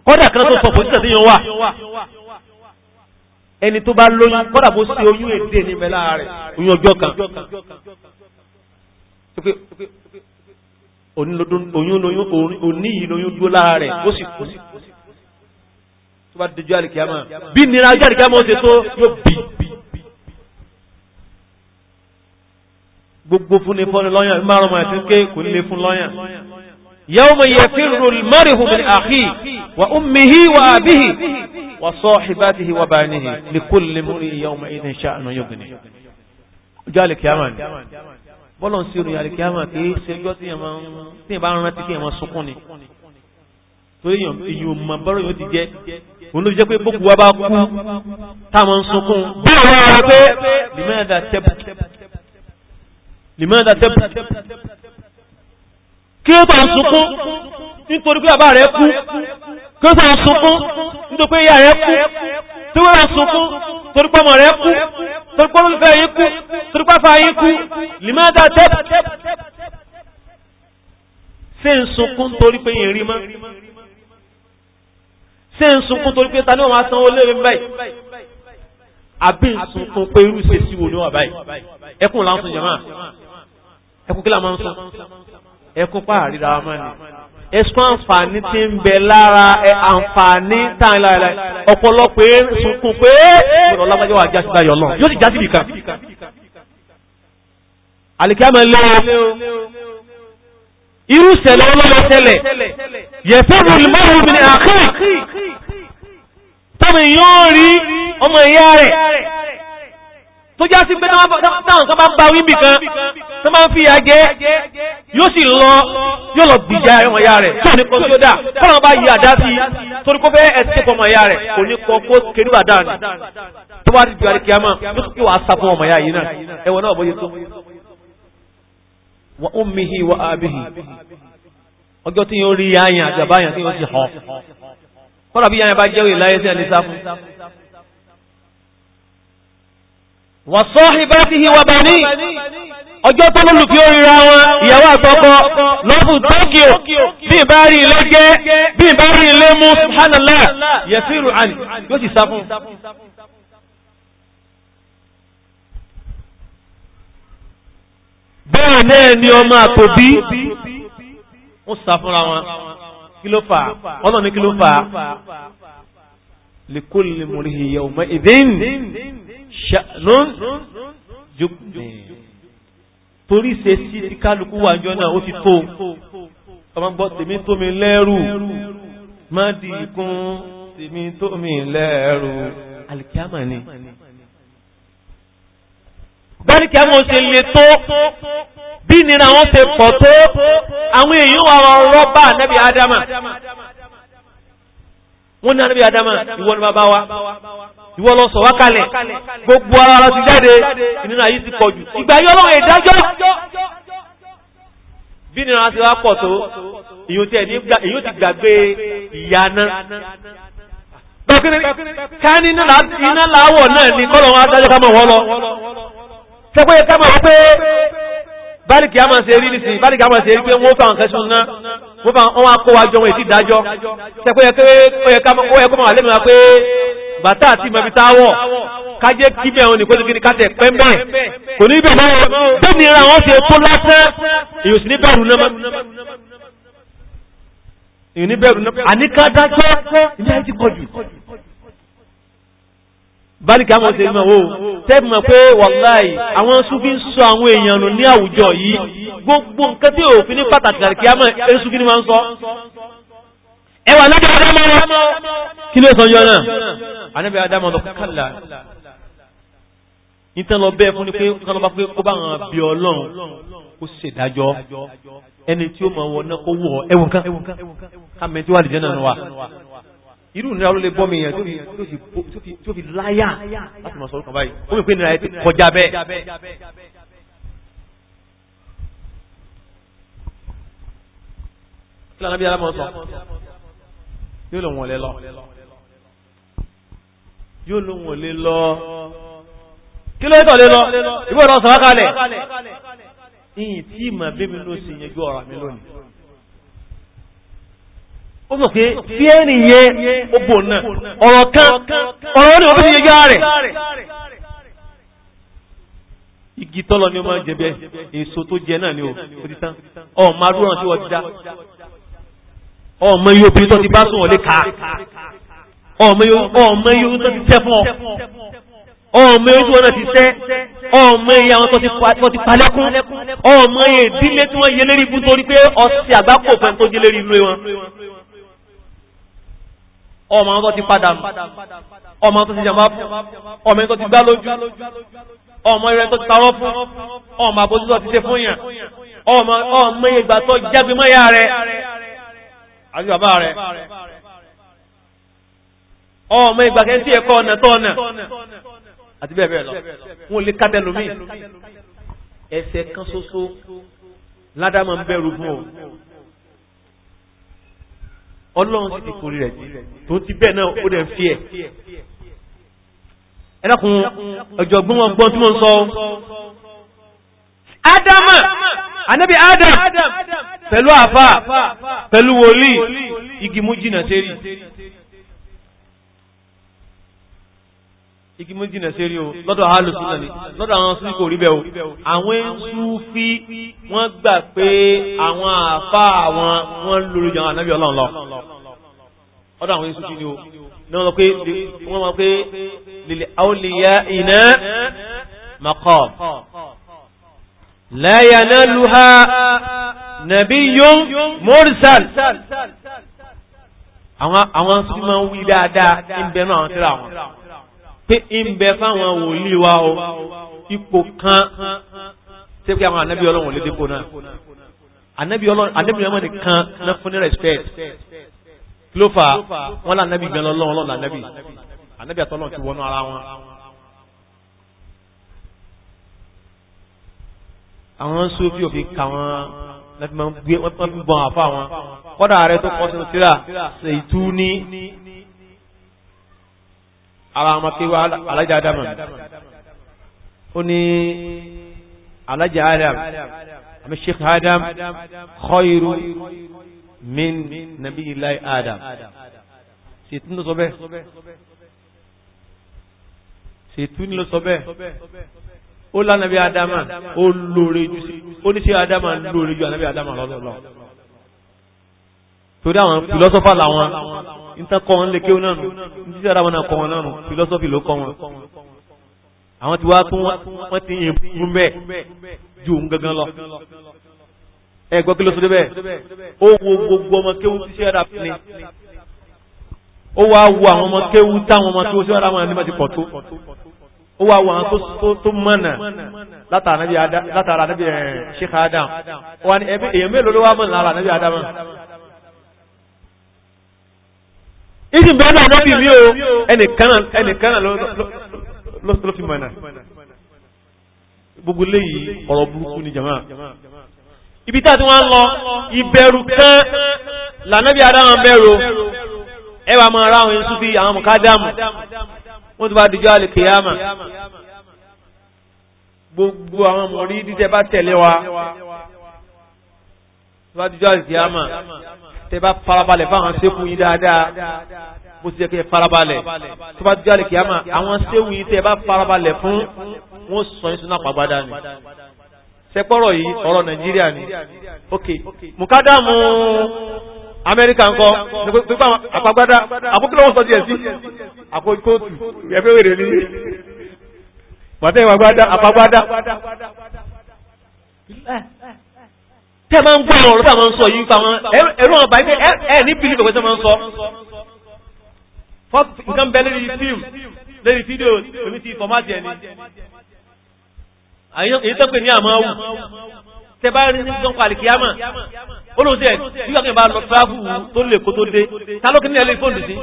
kọ́dà kan tó sọ pòsíṣẹ̀ tí yàn wà ẹni tó bá lóyún kọ́dà bó sí oyún èdè ní mẹ́lá rẹ̀ oyún ọjọ́ kan òní yìí lóyún dúó lára bí nira ojú àlìkíyàmọ́ ó ṣe tó yóò bí gbogbo fún ní fọ́ni lọ́yàn márùn máa ti ké kò lè fún lọ́yàn yawma yafirru al-mar'u min akhihi wa ummihi wa abihi wa sahibatihi wa banihi li kulli mri'in yawma idhin sha'nun yughni ọjọ́ alìkíyàmà ni bọ́lọ̀ sí orin ló jẹ́ pé bókù wa bá kú táwọn sunkún bí òun rẹ̀ pé lèmẹ́ẹ̀dà tẹ́bù lèmọ́dá tẹ́bù kí ó tàn sunkún nítorí pé bàbá rẹ̀ kú kí ó tàn sunkún nítorí pé ìyá rẹ̀ kú tí ó tàn sunkún torí pé ọmọ rẹ̀ kú torí pé olùfẹ́ yìí kú torí pé afá yìí kú lèmọ́dá tẹ́bù ṣe ń sunkún torí pé ìrìn mọ́ ṣe ń sunkún torí pé ta ní ọmọ asanwó àbí ń pé irú ṣe wo ní wà báyìí ẹkùn láǹtún jẹ̀máà ẹkùn kí láàmà ń sùn ẹkùn pàà ríra wa máa ní ẹ̀sùn àǹfààní tí ń bẹ lára ẹ àǹfààní táàrin lára ọ̀pọ̀lọpọ̀ sunkún pé ọlọ́lágbájọ́ wà jásí báyọ̀ lọ yóò sì jásí nìkan àlìkámẹ́ lé o irú ṣẹlẹ̀ ọlọ́lọ́ ṣẹlẹ̀ yẹ̀fẹ́ tó já sí pé táwọn kan bá ń ba kan tó máa ń fi àjẹ́ yóò sì lọ yóò lọ gbìjà ọmọ ìyá rẹ̀ tó ní kọ́ sí ó dà fọ́nà bá yí àdá sí torí kó fẹ́ ẹ̀sìn ọmọ ìyá rẹ̀ kò ní kọ́ kó kéré bàdá ni tó bá rí ju àríkì àmọ́ ló sì wàá sá fún ọmọ ìyá yìí náà ẹ̀wọ̀n náà bóyá tó. wa ummihi wa abihi ọjọ́ tí yóò rí yáyàn àgbàbáyàn tí yóò sì hàn kọ́nà bí yáyàn bá jẹ́ wà sahibatihi wa bani ọjọ́ tó lólù fi oríra wọn ìyàwó àtọkọ lọ́bù tókíò bí ìbárí ilé gẹ́ bí ìbárí ilé mú subhanallah yẹ̀sírù àní yóò sì sáfún bẹ́ẹ̀ náà ni ọmọ àtòbí ó sáfúnra wọn kí ọlọ́ni kí ló fà likulli murihi yawma idhin ṣàlùn jùkùnì torí ṣe sí tí kálukú wà jọ náà ó ti tó ọmọ gbọ́ tèmi tó mi lẹ́rù má di ìkún tèmi tó mi lẹ́rù alìkíámà ni bẹ́ẹ̀kíámà ó ṣe lè tó bí nira wọn ṣe pọ̀ tó àwọn èèyàn wà rọ́bà nẹ́bí ádámà wọ́n ní ànábì ìwọ́n ni bàbá wa ìwọ lọ sọ wákàlẹ̀ gbogbo ara lọ ti jáde ìnira yìí ti pọ̀jù ìgbà yọ lọ́wọ́ ìdájọ́ bí nira ti wá pọ̀ tó èyí ti gbàgbé ìyáná ká ní iná láwọ̀ náà ní kọ́lọ̀ wọn adájọ́ ká mọ̀ wọ́n lọ sẹ́pẹ́ ká mọ̀ pé báríkì àmà ṣe rí nìsí báríkì àmà ṣe rí pé wọ́n fàwọn kẹsùn náà wọ́n fàwọn akọwàjọ wọn èsì ìdájọ́ sẹ́pẹ́ ó yẹ kó mọ̀ wà lẹ́mìí wa pé bàtà àti mọ̀bí táwọ̀ kájẹ́ kí bẹ́ẹ̀ òun nìkóso gidi kájẹ́ pẹ́ bẹ́ẹ̀ kò ní bẹ̀ mọ́ bẹ́ẹ̀ ni ra wọ́n ṣe tó lásán èyàn sì ní bẹ̀rù náà èyàn ní bẹ̀rù náà àníkádájọ́ ilé ayé ti pọ̀ jù báríkì àwọn ṣe mọ̀ o tẹ́bù mọ̀ pé wàláì àwọn súnfí ń ń sọ ẹwà lábẹ́ adámọ́ kí ló sọ́jọ́ náà anábẹ́ adámọ́ lọ kàlà nítàn lọ bẹ́ẹ̀ fún ní pé kọ́nà bá pé kó bá hàn bí ọlọ́run kó ṣèdájọ́ ẹni tí ó mọ̀ wọ náà kó wọ ẹwùn kan kàmẹ́ tí wà lè jẹ́ náà wà irú ìnira ló lè bọ́ mi yẹn tó fi láyà láti mọ̀ sọ́rọ̀ kan báyìí ó mi pé ìnira yẹn kọjá bẹ́ẹ̀ kí lànà bí alámọ̀ sọ yóò lòun ò lè lọ yóò lòun ò lè lọ kí ló tọ̀lé lọ ìwé ọ̀rọ̀ sọ̀rọ̀ kalẹ̀ ìyìn tí ìmọ̀ bébí ló sì yẹjú ọ̀rọ̀ mi lónìí ó mọ̀ pé tí ẹni yẹn ó bò náà ọ̀rọ̀ kan ọ̀rọ̀ ní ọdún yẹjú rẹ̀ igi tọ́lọ ni ó máa jẹ bẹ́ẹ̀ èso tó jẹ náà ni ó ti tán ọ̀ máa dúró tí wọ́n ti dá ọmọ yóò bí tó ti bá sùn ọ̀lẹ́ ká ọmọ yóò tó ti tẹ́ fún ọ ọmọ yóò tó ti tẹ́ ọmọ yẹ àwọn tó ti palẹ́kún ọmọ yẹ ìdílé tí wọ́n yẹ lérí ibú torí pé ọtí àgbákò fẹ́ tó jẹ́ lérí inú wọn ọmọ àwọn tó ti padà ọmọ tó ti jàmbá ọmọ tó ti gbá lójú ọmọ rẹ̀ tó ti tarọ́ fún ọmọ àbójútó ti ṣe fún yàn ọmọ ìgbà tó jágbe mọ́yà rẹ̀ àbí bàbá rẹ̀ ọmọ ìgbàkẹ́ sí ẹ̀kọ́ ọ̀nà tó ọ̀nà àti bẹ́ẹ̀ lọ wọn lè kátẹ́lómi ẹsẹ̀ kan ṣoṣo ládàmà ń bẹ̀rù fún ọlọ́run sì ti kórè rẹ̀ tó ti bẹ́ẹ̀ náà ó dẹ̀ fi ẹ̀ ẹlẹ́kùn ọ̀jọ̀gbọ́n tí mo ń sọ ádámà anábì ádám pẹ̀lú àfà pẹ̀lú wòlí igi mú jìnà sérí lọ́dọ̀ àálù lọ́dọ̀ àwọn sí kò rí bẹ̀ o àwọn Súfí wọ́n gbà pé àwọn àfà àwọn wọ́n lórí jọ ànábì ọlọ́run ọdọ̀ àwọn Súfí ni o ní wọ́n mọ̀ pé nabiyyun mursal àwọn sí máa ń wí dáadáa ìbẹ̀ náà àwọn tíra wọn pé ìbẹ̀ fáwọn wòlíì wa o ipò kan tí pé àwọn ànábì ọlọ́run lédè kó náà ànábì ọlọ́run nìkan náà fún ní respect kí ló fà wọn là ànábì gan lọ́lọ́run ọlọ́run ànábì ànábì àtọ́lọ́run ti wọnú ara wọn. àwọn sófì òfin kà wọn láti máa ń gbé wọ́n fi gbọ́n àfá wọn kọ́dà rẹ tó kọ́sínú síra ṣe ìtú ní ara ọmọkéwà alájà adama ó ní alájà adam àmì sheikh adam khairu min nabi ilai adam ṣe ní ló sọ ó lánàbí adama ó lóore jù sí ó ní sí adama lóore jù ànàbí adama lọ́lọ́lọ́ torí àwọn fìlọ́sọ́fà làwọn ìtàkọ́ wọn lè kéwọn náà nù ní sí adama náà kọ́ wọn náà nù fìlọ́sọ́fì ló kọ́ wọn àwọn tí wá tún wọ́n ti yìn fún bẹ́ẹ̀ ju òun gangan lọ ẹgbọ́ kí ló sọ débẹ̀ ó wo gbogbo ọmọ kéwú tí sí adama ní ó wá wo àwọn ọmọ kéwú táwọn ọmọ tó sí adama ní ó wá wọn tó mọ̀nà látara anábì eh, Sheikh Adam wà ní èyàn mélòó ló wá mọ̀nà lára anábì Adam ìsì bẹ́ẹ̀nà anábì mí o ẹnìkan ló fi mọ̀nà gbogbo léyìí ọ̀rọ̀ burúkú ni jama ibi tí a ti wá ń lọ ìbẹ̀rù kan lànàbì Adam bẹ̀rù ẹwà mọ̀ àwọn Sufi àwọn mọ̀kádámù wọ́n ti bá dijọ́ alìkìyàmà gbogbo àwọn mọ̀rí dídẹ bá tẹ̀lé wa tó bá dijọ́ alìkìyàmà tẹ bá farabalẹ̀ fáwọn sékù yín dáadáa bó ti jẹ́ kí ẹ farabalẹ̀ tó bá dijọ́ alìkìyàmà àwọn sékù yín tẹ bá farabalẹ̀ fún wọn sọ yín sínú àpàgbádá ni sẹpọ̀rọ̀ yìí ọ̀rọ̀ Nàìjíríà ni ok mùkádàmù amẹ́ríkà ńkọ́ pípa àpagbádá àkókò wọ́n sọ díẹ̀ sí àkókòtù ẹgbẹ́ wèrè ní pàtẹ́ ìwàgbádá àpagbádá tẹ́ máa ń gbọ́ ọ̀rọ̀ tá máa ń sọ yìí táwọn ẹ̀rọ ọ̀bá ẹ̀ ẹ̀ ní pílì pẹ̀pẹ́ tẹ́ máa ń sọ nǹkan bẹ lórí fíìmù lórí fídíò omi ti fọ́mátì ẹni èyí tó pè ní àmọ́ wù tẹ́ bá rí ní àlìkíyàmà olóòtú ẹ̀ nígbà tó yẹ bá lọ tíráfù tó lè kó tó dé ta ló kí ní ẹlẹ́ fóònù sí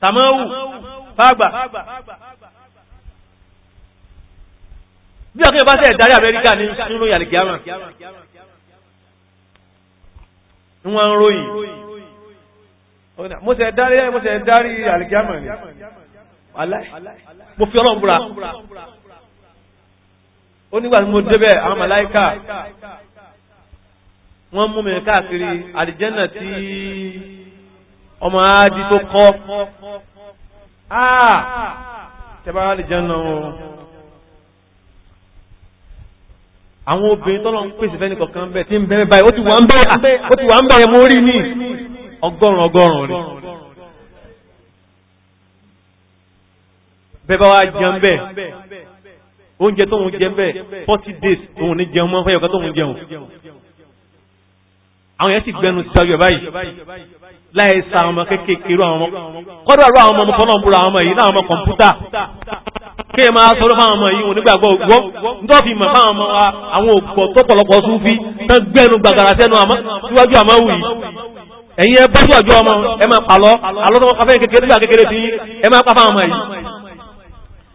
tàmọ́wù fàgbà bí ọkọ̀ yẹ bá sẹ̀ darí Amẹ́ríkà ní nínú yàlìkíámà wọ́n ń ròyìn mo sẹ̀ darí mo sẹ̀ darí yàlìkíámà ni mo fi ọlọ́run búra ó nígbà tí mo débẹ̀ àwọn màláíkà wọ́n mú mi káàkiri àdìjẹ́nà tí ọmọ ájí tó kọ́ áà ah! ah! tẹ́bá àdìjẹ́nà wọn àwọn obìnrin tọ́lọ ń pèsè fẹ́ nìkọ̀kan bẹ̀ tí ń bẹ̀rẹ̀ báyìí ó ti wà ń bẹ̀rẹ̀ ah! mọ́ rí ní ọgọ́rùn ọgọ́rùn rí bẹ́bá wá jẹun bẹ́ẹ̀ oúnjẹ tóun jẹ bẹ́ẹ̀ 40 days tóun ní jẹun mọ́ fẹ́yọ̀ká tóun jẹun àwọn yẹn sì gbẹnu ti sáyọ báyìí láì sa ọmọ kékeré àwọn ọmọ kọ́dọ̀ àrùn àwọn ọmọ fọ́nà búra àwọn ọmọ yìí láwọn ọmọ kọ̀ǹpútà kí ẹ máa sọ́dọ̀ fáwọn ọmọ yìí wọn nígbàgbọ́ ògbọ́ nítorí fi mọ̀ fáwọn ọmọ àwọn ògbọ́ tó pọ̀lọpọ̀ sún fi tán gbẹnu gbàgàrà sẹ́nu síwájú àmọ́ wù yìí ẹ̀yin ẹ bọ́ síwájú ọmọ ẹ máa pàlọ́ alọ́dọ́ afẹ́yìn kékeré nígbà kékeré ti ẹ máa pa fáwọn ọmọ yìí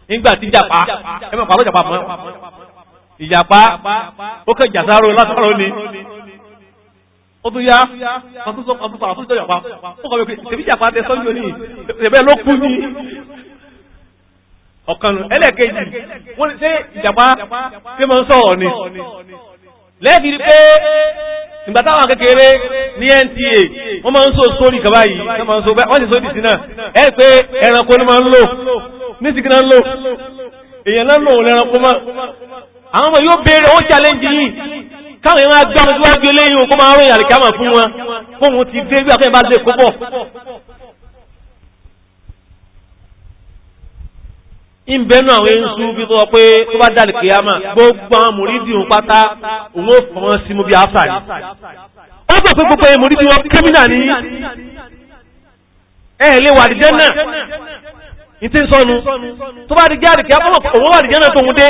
nígbà tí jàpá ẹ máa pàlọ́ jàpá mọ́ ìjàpá ó kẹ́ jàsáró ó tún yá ọtún sọ ọtún sọ àtúntò yọpa ó kọ wípé tèmi jà pàtẹ sọjú ní ìbẹ ló kú ní ọkàn nù ẹlẹ́ẹ̀kejì wọn ṣe ìjàpá tí mo ń sọ̀rọ̀ ni lẹ́ẹ̀kì pé ìgbà táwọn kékeré ní NTA wọ́n máa ń sọ sórí gaba yìí wọ́n máa ń sọ wọ́n sì sọ ìdìsí náà ẹ pé ẹranko ni máa ń lò ní sìkì náà ń lò èèyàn náà ń lò òun ẹranko mọ́ àwọn ọmọ yóò béèrè ó challenge yìí káwọn èèyàn gbá wọn síwájú eléyìn kó máa ròyìn àríkámà fún wọn fóun ti dé bí àkóyìn bá lè kó bọ̀ ìbẹ́nu àwọn ẹ̀ńsú bí tó pé tó bá dàlì kìyàmà gbogbo àwọn mùrídìí òun pátá òun ó fọ́n sí mú bí àṣà ni ó gbà pé gbogbo ẹ̀ mùrídìí wọn kírímìnà ní ẹ̀ lè wà dìjẹ́ náà ìtí sọ́nu tó bá di jáde kí afọ́mọ̀ òun wà nìjẹ́ náà tóun dé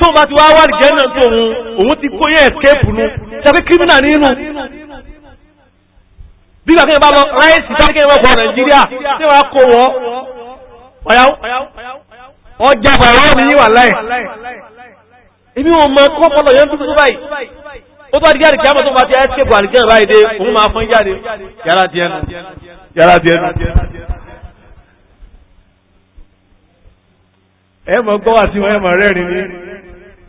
tó bá ti wá wà nìjẹ́ náà tóun òun ti kó yẹ ẹ̀skẹ́pù nu ṣàpé kírímìnà nínú bí gbàgbé bá lọ ráìsì sáké wọ́pọ̀ nàìjíríà tí wọ́n kó wọ́ ọjà pàrọ̀ mi wà láì ibi wọn mọ kọ́ pọ́lọ̀ yẹn dúdú báyìí ó tó bá di jáde kí afọ́mọ̀ tó bá ti ẹ̀skẹ́pù àlìjẹ́ náà báyìí dé òun máa fọ́n jáde yàrá tiẹ̀ nù ẹmọ gọ́ àti wọn ẹmọ rẹ́rin ní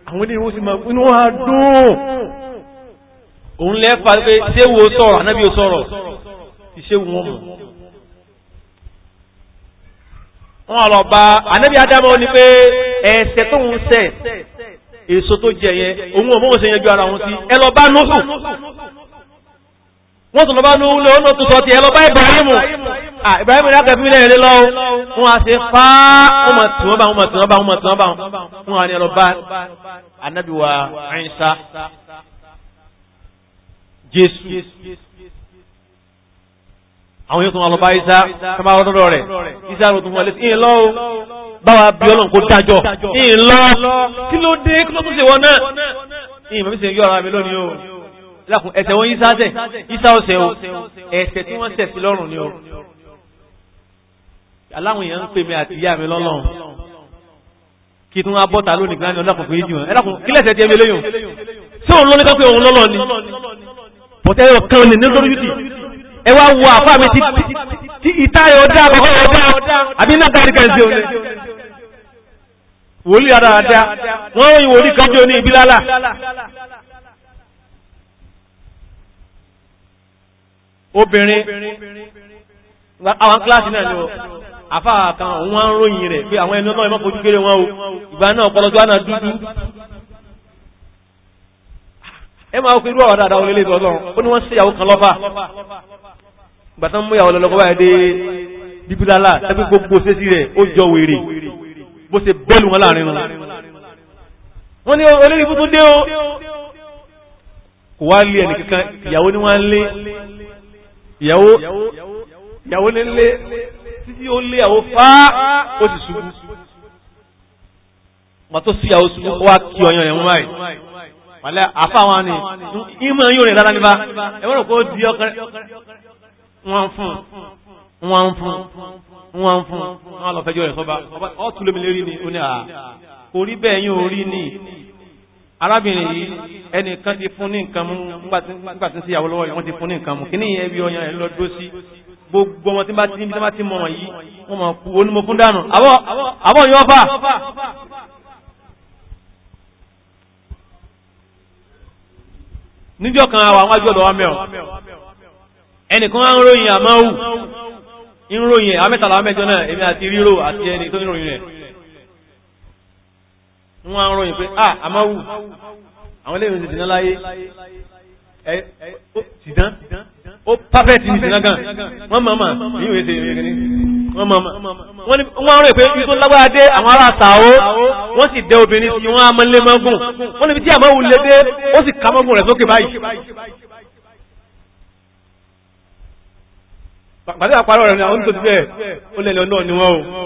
àwọn ilé ìwọ́sí máa inú wọn dùn òun lẹ́fà pé ṣéwò sọ̀rọ̀ ànábì ò sọ̀rọ̀ ìṣéwò wọn mọ̀ wọn lọ bá ànábì adámọ́ ni pé ẹ̀ṣẹ̀ tó ń ṣẹ̀ èso tó jẹ yẹn òun ò mọ́wọ́sẹ̀ yẹn ju ara wọn sí ẹ lọ bá nóòsù wọ́n tún lọ bá nóòlù ó nóòtú sọ ti ẹ lọ bá Ibrahim Ah, Ibrahim ìdáka fi mílẹ̀ ilé lọ́wọ́ wọn a ṣe fá ọmọ tí wọ́n bá wọn tí wọ́n bá wọn tí wọ́n bá wọn wọn ni ọlọ́ba anábìwà Ìsá Jésù àwọn yóò tún wọn lọ́ba Ìsá kọ́má ọdọ́dọ́ rẹ̀ Ìsá ló tún wọn létí ìyẹn lọ́wọ́ báwa bí ọlọ́run kó dájọ́ ìyẹn lọ́wọ́ kí ló dé kí ló tún ṣe wọn náà ìyẹn mọ̀ sí yọ ara mi lónìí o lákùn ẹ̀ṣẹ̀ wọn Ìsá ṣẹ̀ Ìsá ọ̀sẹ̀ o ẹ̀ṣẹ̀ tí wọ́n ṣẹ̀ sí lọ́rùn ni o aláwọn èèyàn ń pè mí àti ìyá mi lọ́lọ́run kí tún wá lónìí gan ni ọlọ́kùnkùn yìí jù wọn ẹlọ́kùn kí lẹ́sẹ̀ jẹ́ mi léyùn tí òun lọ́ní kan pé òun lọ́lọ́ ni bọ̀tẹ́ ẹ̀rọ kan ní nítorí yìí ẹ wá wo àpá mi ti ìta ọ̀dá àbọ̀kọ́ ọ̀dá àbí náà kárí kan sí òun wòlíì adáadáa wọ́n ròyìn wòlíì kan jẹ́ oní ìbílálà obìnrin àwọn kíláàsì náà ni àfáà kan òun wọ́n ròyìn rẹ̀ pé àwọn ẹni ọlọ́run mọ́ fojú kéré wọn o ìgbà náà ọpọlọjọ́ àná dúdú ẹ máa kó irú ọ̀rọ̀ dáadáa orílẹ̀ èdè ọlọ́run ó ní wọ́n sí ìyàwó kan lọ́fà ìgbà tán mú ìyàwó lọ́lọ́gbọ́ báyìí bíbílálà tẹ́bí gbogbo ṣe sí rẹ̀ ó jọ wèrè bó ṣe bọ́ọ̀lù wọn láàrin wọn wọ́n ní olórí fún dé o kò wá lé ẹnì kankan ìyàwó ni wọ́n lé ìyàwó ní lé títí ó lé àwọn fá ó ti ṣubú wọ́n tó sí àwọn ṣubú wá kí ọyàn ẹ̀wọ̀n báyìí wàlẹ́ àfáwọn ni ìmọ̀ yóò rìn dáadáa nípa ẹ̀wọ́n kò di ọkàn wọn fún wọn fún wọn fún wọn lọ fẹjọ́ rẹ̀ sọ́ba ọ tún lómi lérí ni ó ní àá kò rí bẹ́ẹ̀ yóò rí ni arábìnrin yìí ẹnìkan ti fún ní nǹkan mú nígbà tí ń sí ìyàwó lọ́wọ́ yìí wọ́n ti fún ní nǹkan mú kí gbogbo ọmọ tí bá ti níbi tí bá ti mọ̀ yìí wọ́n mọ̀ kú onímọ̀ fún dànù àbọ̀ yọ fà níjọ́ kan àwọn àwọn àjọ́dọ̀ wa mẹ́ọ̀ ẹnìkan á ń ròyìn àmáwù ń ròyìn àmẹ́tàlá mẹ́jọ náà èmi àti ríro àti ẹni tó ń rẹ̀ wọ́n á ń ròyìn pé ah ó perfect ní sinagan wọ́n mọ̀mọ̀ ní ìwé ṣe ní wọ́n mọ̀mọ̀ wọ́n rẹ̀ pé yíò lágbára dé àwọn ará àtàwó wọ́n sì dẹ obìnrin sí wọ́n amọ́lé mọ́gùn wọ́n níbi tí àmọ́ wulẹ̀ dé ó sì ká mọ́gùn rẹ̀ sókè báyìí pàdé àparọ̀ rẹ̀ ni àwọn tó ti bẹ́ẹ̀ ó lẹ́lẹ̀ náà ni wọ́n o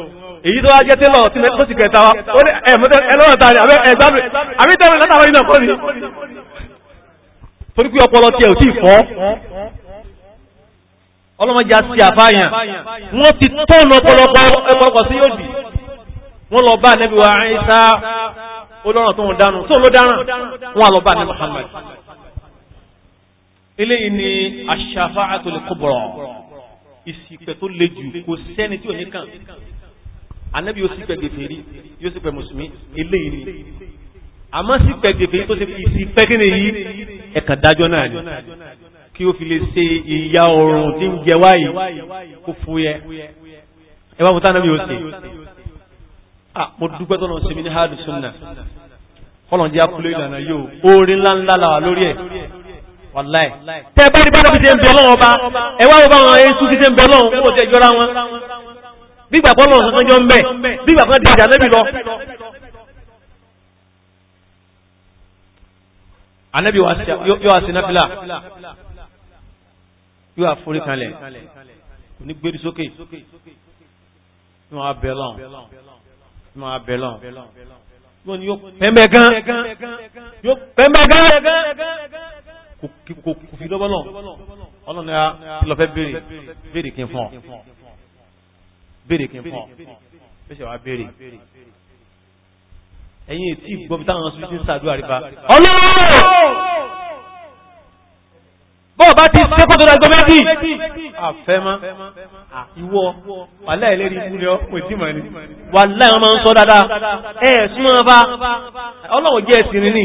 èyí tó wá jẹ́ tẹ́lọ̀ tí mẹ́tọ́ sì kẹta wa ó lẹ́ ẹ̀mọ́tẹ́lọ́rọ̀ ta ni ẹ̀gbábẹ̀ àbí tẹ́lọ̀ látàwọn ìnà kọ́ ni torí pé ọpọlọ tiẹ̀ ò tí ì fọ́ ọlọ́mọdé àti àfáàyàn wọ́n ti tọ́nà ọ̀pọ̀lọpọ̀ sí yóò dì wọ́n lọ bá nẹ́bí wa àìsá olóòrùn tó ń dánú tó ló dáràn wọ́n lọ bá nẹ́bí Muhammad eléyìí ni ash-shafa'atul kubra ìsìpẹ̀ tó le jù kò sẹ́ni tí ò ní kàn anẹ́bí yóò sípẹ̀ gèfèrí yóò sípẹ̀ mùsùlùmí eléyìí ni àmọ́ sípẹ̀ gèfèrí tó ti fi ìsìpẹ̀ kí ni yìí ẹ̀kàn náà ni tí ó fi lè ṣe ìyá oòrùn tí ń jẹ wáyé kó fúyẹ́ ẹ bá fúta náà ṣe mo dúpẹ́ tọ́nà sí mi ní hard sunna kọ́nà jẹ́ apúlé ìlànà yóò orin ńláńlá là lórí ẹ̀ wàláì tẹ́ bá rí bá ṣe ń bẹ ọlọ́run ọba ẹ wá wọ́n bá wọn èṣù ṣe ń bẹ ọlọ́run ó tẹ jọra wọn bígbà bọ́lọ̀ kankan jọ ń bẹ bígbà kan di ìjà lẹ́bi lọ Ànábì yóò wá yóò àforí kanlẹ̀ ní gbérí sókè níwọ̀n abẹ́lọ́n níwọ̀n abẹ́lọ́n yóò pẹ́mẹ́ gan yóò pẹ́mẹ́ gan kò fi lọ́bọ́lọ́ ọlọ́ni a lọ́fẹ́ béèrè béèrè kí n fún ọ béèrè kí n fún ọ bẹ́sẹ̀ wá béèrè ẹ̀yìn ètí ìgbọ́bí táwọn sùn sí sàdúrà rí bá ọlọ́run bọ́ọ̀ bá ti ṣe pàtó dàgbọ́ méjì àfẹ́mọ́ ìwọ wàláhì ìlérí ìwúlẹ̀ ọ̀pọ̀ ìtìmọ̀ ni wàláhì wọn máa ń sọ dáadáa ẹ̀ súnmọ́ bá ọlọ́wọ̀ jẹ́ ẹ̀sìn ní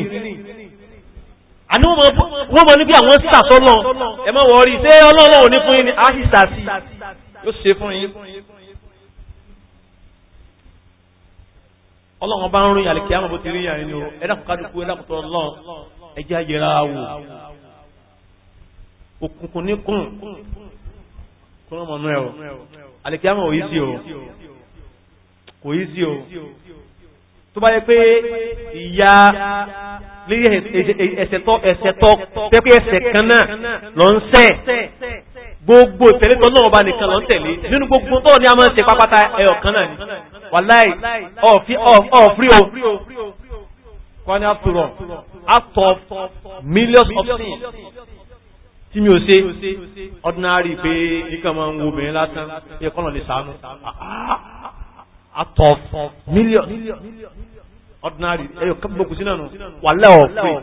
àní wọ́n mọ̀ níbi àwọn sàtọ́lọ́ ẹ má wọ́rí ṣé ọlọ́lọ́ òní fún yín ni a sì sàtì yóò ṣe fún yín ọlọ́wọ́n bá ń rìn àlèkè bó ti rí yàrá ni o ẹ̀dàkùnkádùkú ẹ̀dàkùntọ́ ọlọ́ọ̀ ẹjẹ́ àjẹrà wò òkùnkùn ní kùn kún ọmọ nú ẹ o àlìkíyàmọ̀ òyí sí o òyí sí o tó bá yẹ pé ìyá lérí ẹsẹ̀ tọ́ ẹsẹ̀ tọ́ pẹ́pẹ́ ẹsẹ̀ kan náà lọ ń sẹ́ gbogbo tẹ̀lé tọ́ náà ọba nìkan lọ ń tẹ̀lé nínú gbogbo tọ́ ni a máa ń ṣe pápátá ẹyọ kan náà ni wàláì ọ̀frí o kọ́ni after out of millions of things tí mi ò ṣe ordinary pé nìkan máa ń wo obìnrin lásán pé kọ́nà lè sànú àtọ̀ million ordinary ẹyọ gbogbo sínú àná wà lẹ́ọ̀ pé.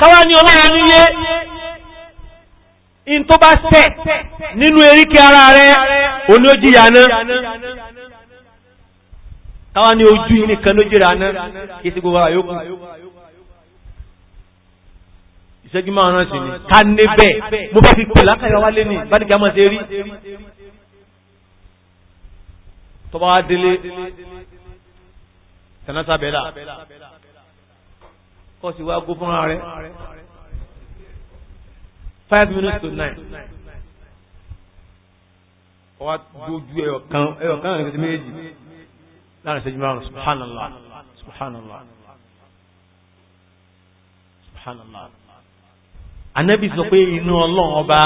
káwá ní ọlọ́run níyé in tó bá tẹ̀ nínú eríkẹ́ ara rẹ̀ oní ó jìyà káwá ní ojú yìí nìkan ló jìyà náà kí sí gbogbo àyókù ìṣẹ́jú máa rán sí ni ká níbẹ̀ mo bá fi pè lákàyà wálé ní bádìgá máa ṣe rí tọba wá délé tẹ̀nátàbẹ̀lá kọ́ sí wá gó fúnra rẹ̀ five minutes to nine ọwá dójú ẹyọkan rẹ̀ kẹsì méjì láàrin ìṣẹ́jú máa subhanallah subhanallah subhanallah Ànábì sọ pé inú ọlọ́run ọba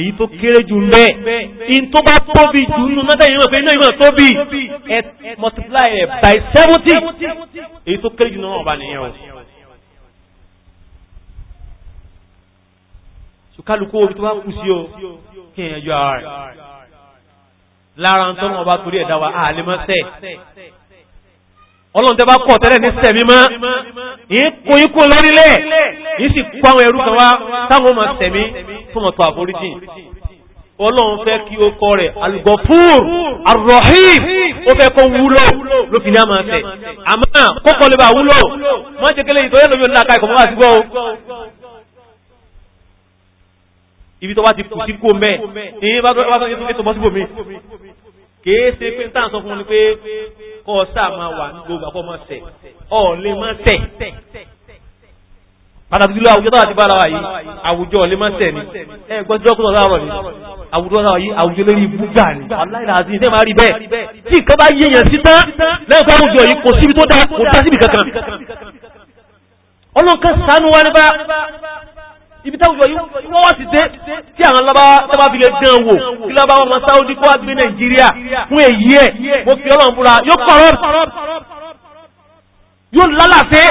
èyí tó kéré jù ń bẹ́ẹ̀ in tó bá tóbi jù nínú mẹ́ta ìrìnà pé iná ìrìnà tóbi ẹ multiply ẹ by seventy èyí tó kéré jù nínú ọba nìyẹn o. sùkálùkù omi tó bá kù sí o kí ẹ yọ ara rẹ lára ń tọ́nà ọba torí ẹ̀dá wa àlemọ́sẹ̀ ọlọ́run tẹ́ bá kọ̀ tẹ́lẹ̀ ní sẹ̀mí mọ́ ìkùn ikùn lórílẹ̀ yìí sì kó àwọn ẹrú kan wá táwọn ọmọ sẹ̀mí fún ọ̀tọ̀ àforíjìn ọlọ́run fẹ́ kí ó kọ́ rẹ̀ alugọ̀fúr arọ̀hìm ó fẹ́ kó wúlò ló fi ní àmà tẹ̀ àmà kọ́kọ́ lè bá wúlò wọ́n jẹ́ kẹ́lẹ́ ìtọ́yẹ́ lómi ọ̀nà àkàkọ̀ mọ́ àti gbọ́ ibi tó wá ti kù sí kó mẹ́ èyí bá tó ètò bọ́ síbò mi kìí ṣe pé tá à ń sọ fún mi pé kọ́ sáà máa wà ní gbogbo àpọ̀ mọ́ sẹ̀ ọ̀ lè mọ́ sẹ̀ pàtàkì jùlọ àwùjọ tàbí bá lára yìí àwùjọ ọ̀lẹ́ máa ń tẹ̀ ní ẹgbọ́jọ́ kúrò sáàrọ̀ ní àwùjọ náà yìí àwùjọ lórí búgbà ní aláìláàzí ní tẹ́mà rí bẹ́ẹ̀ tí ìkan bá yíyàn sí tán lẹ́yìn fún àwùjọ yìí kò síbi tó dá kò dá síbi kankan ọlọ́nkẹ́ sanu wa nípa ibi táwùjọ yìí wọ́n wá ti dé tí àwọn lọ́ba tọ́ba fi lè dán wò kí lọ́ba wọn sáwọ́dí kó wá gbé nàìjíríà fún èyí ẹ̀ mo fi ọlọ́run fúnra yóò kọ̀rọ̀ yóò lálàfẹ́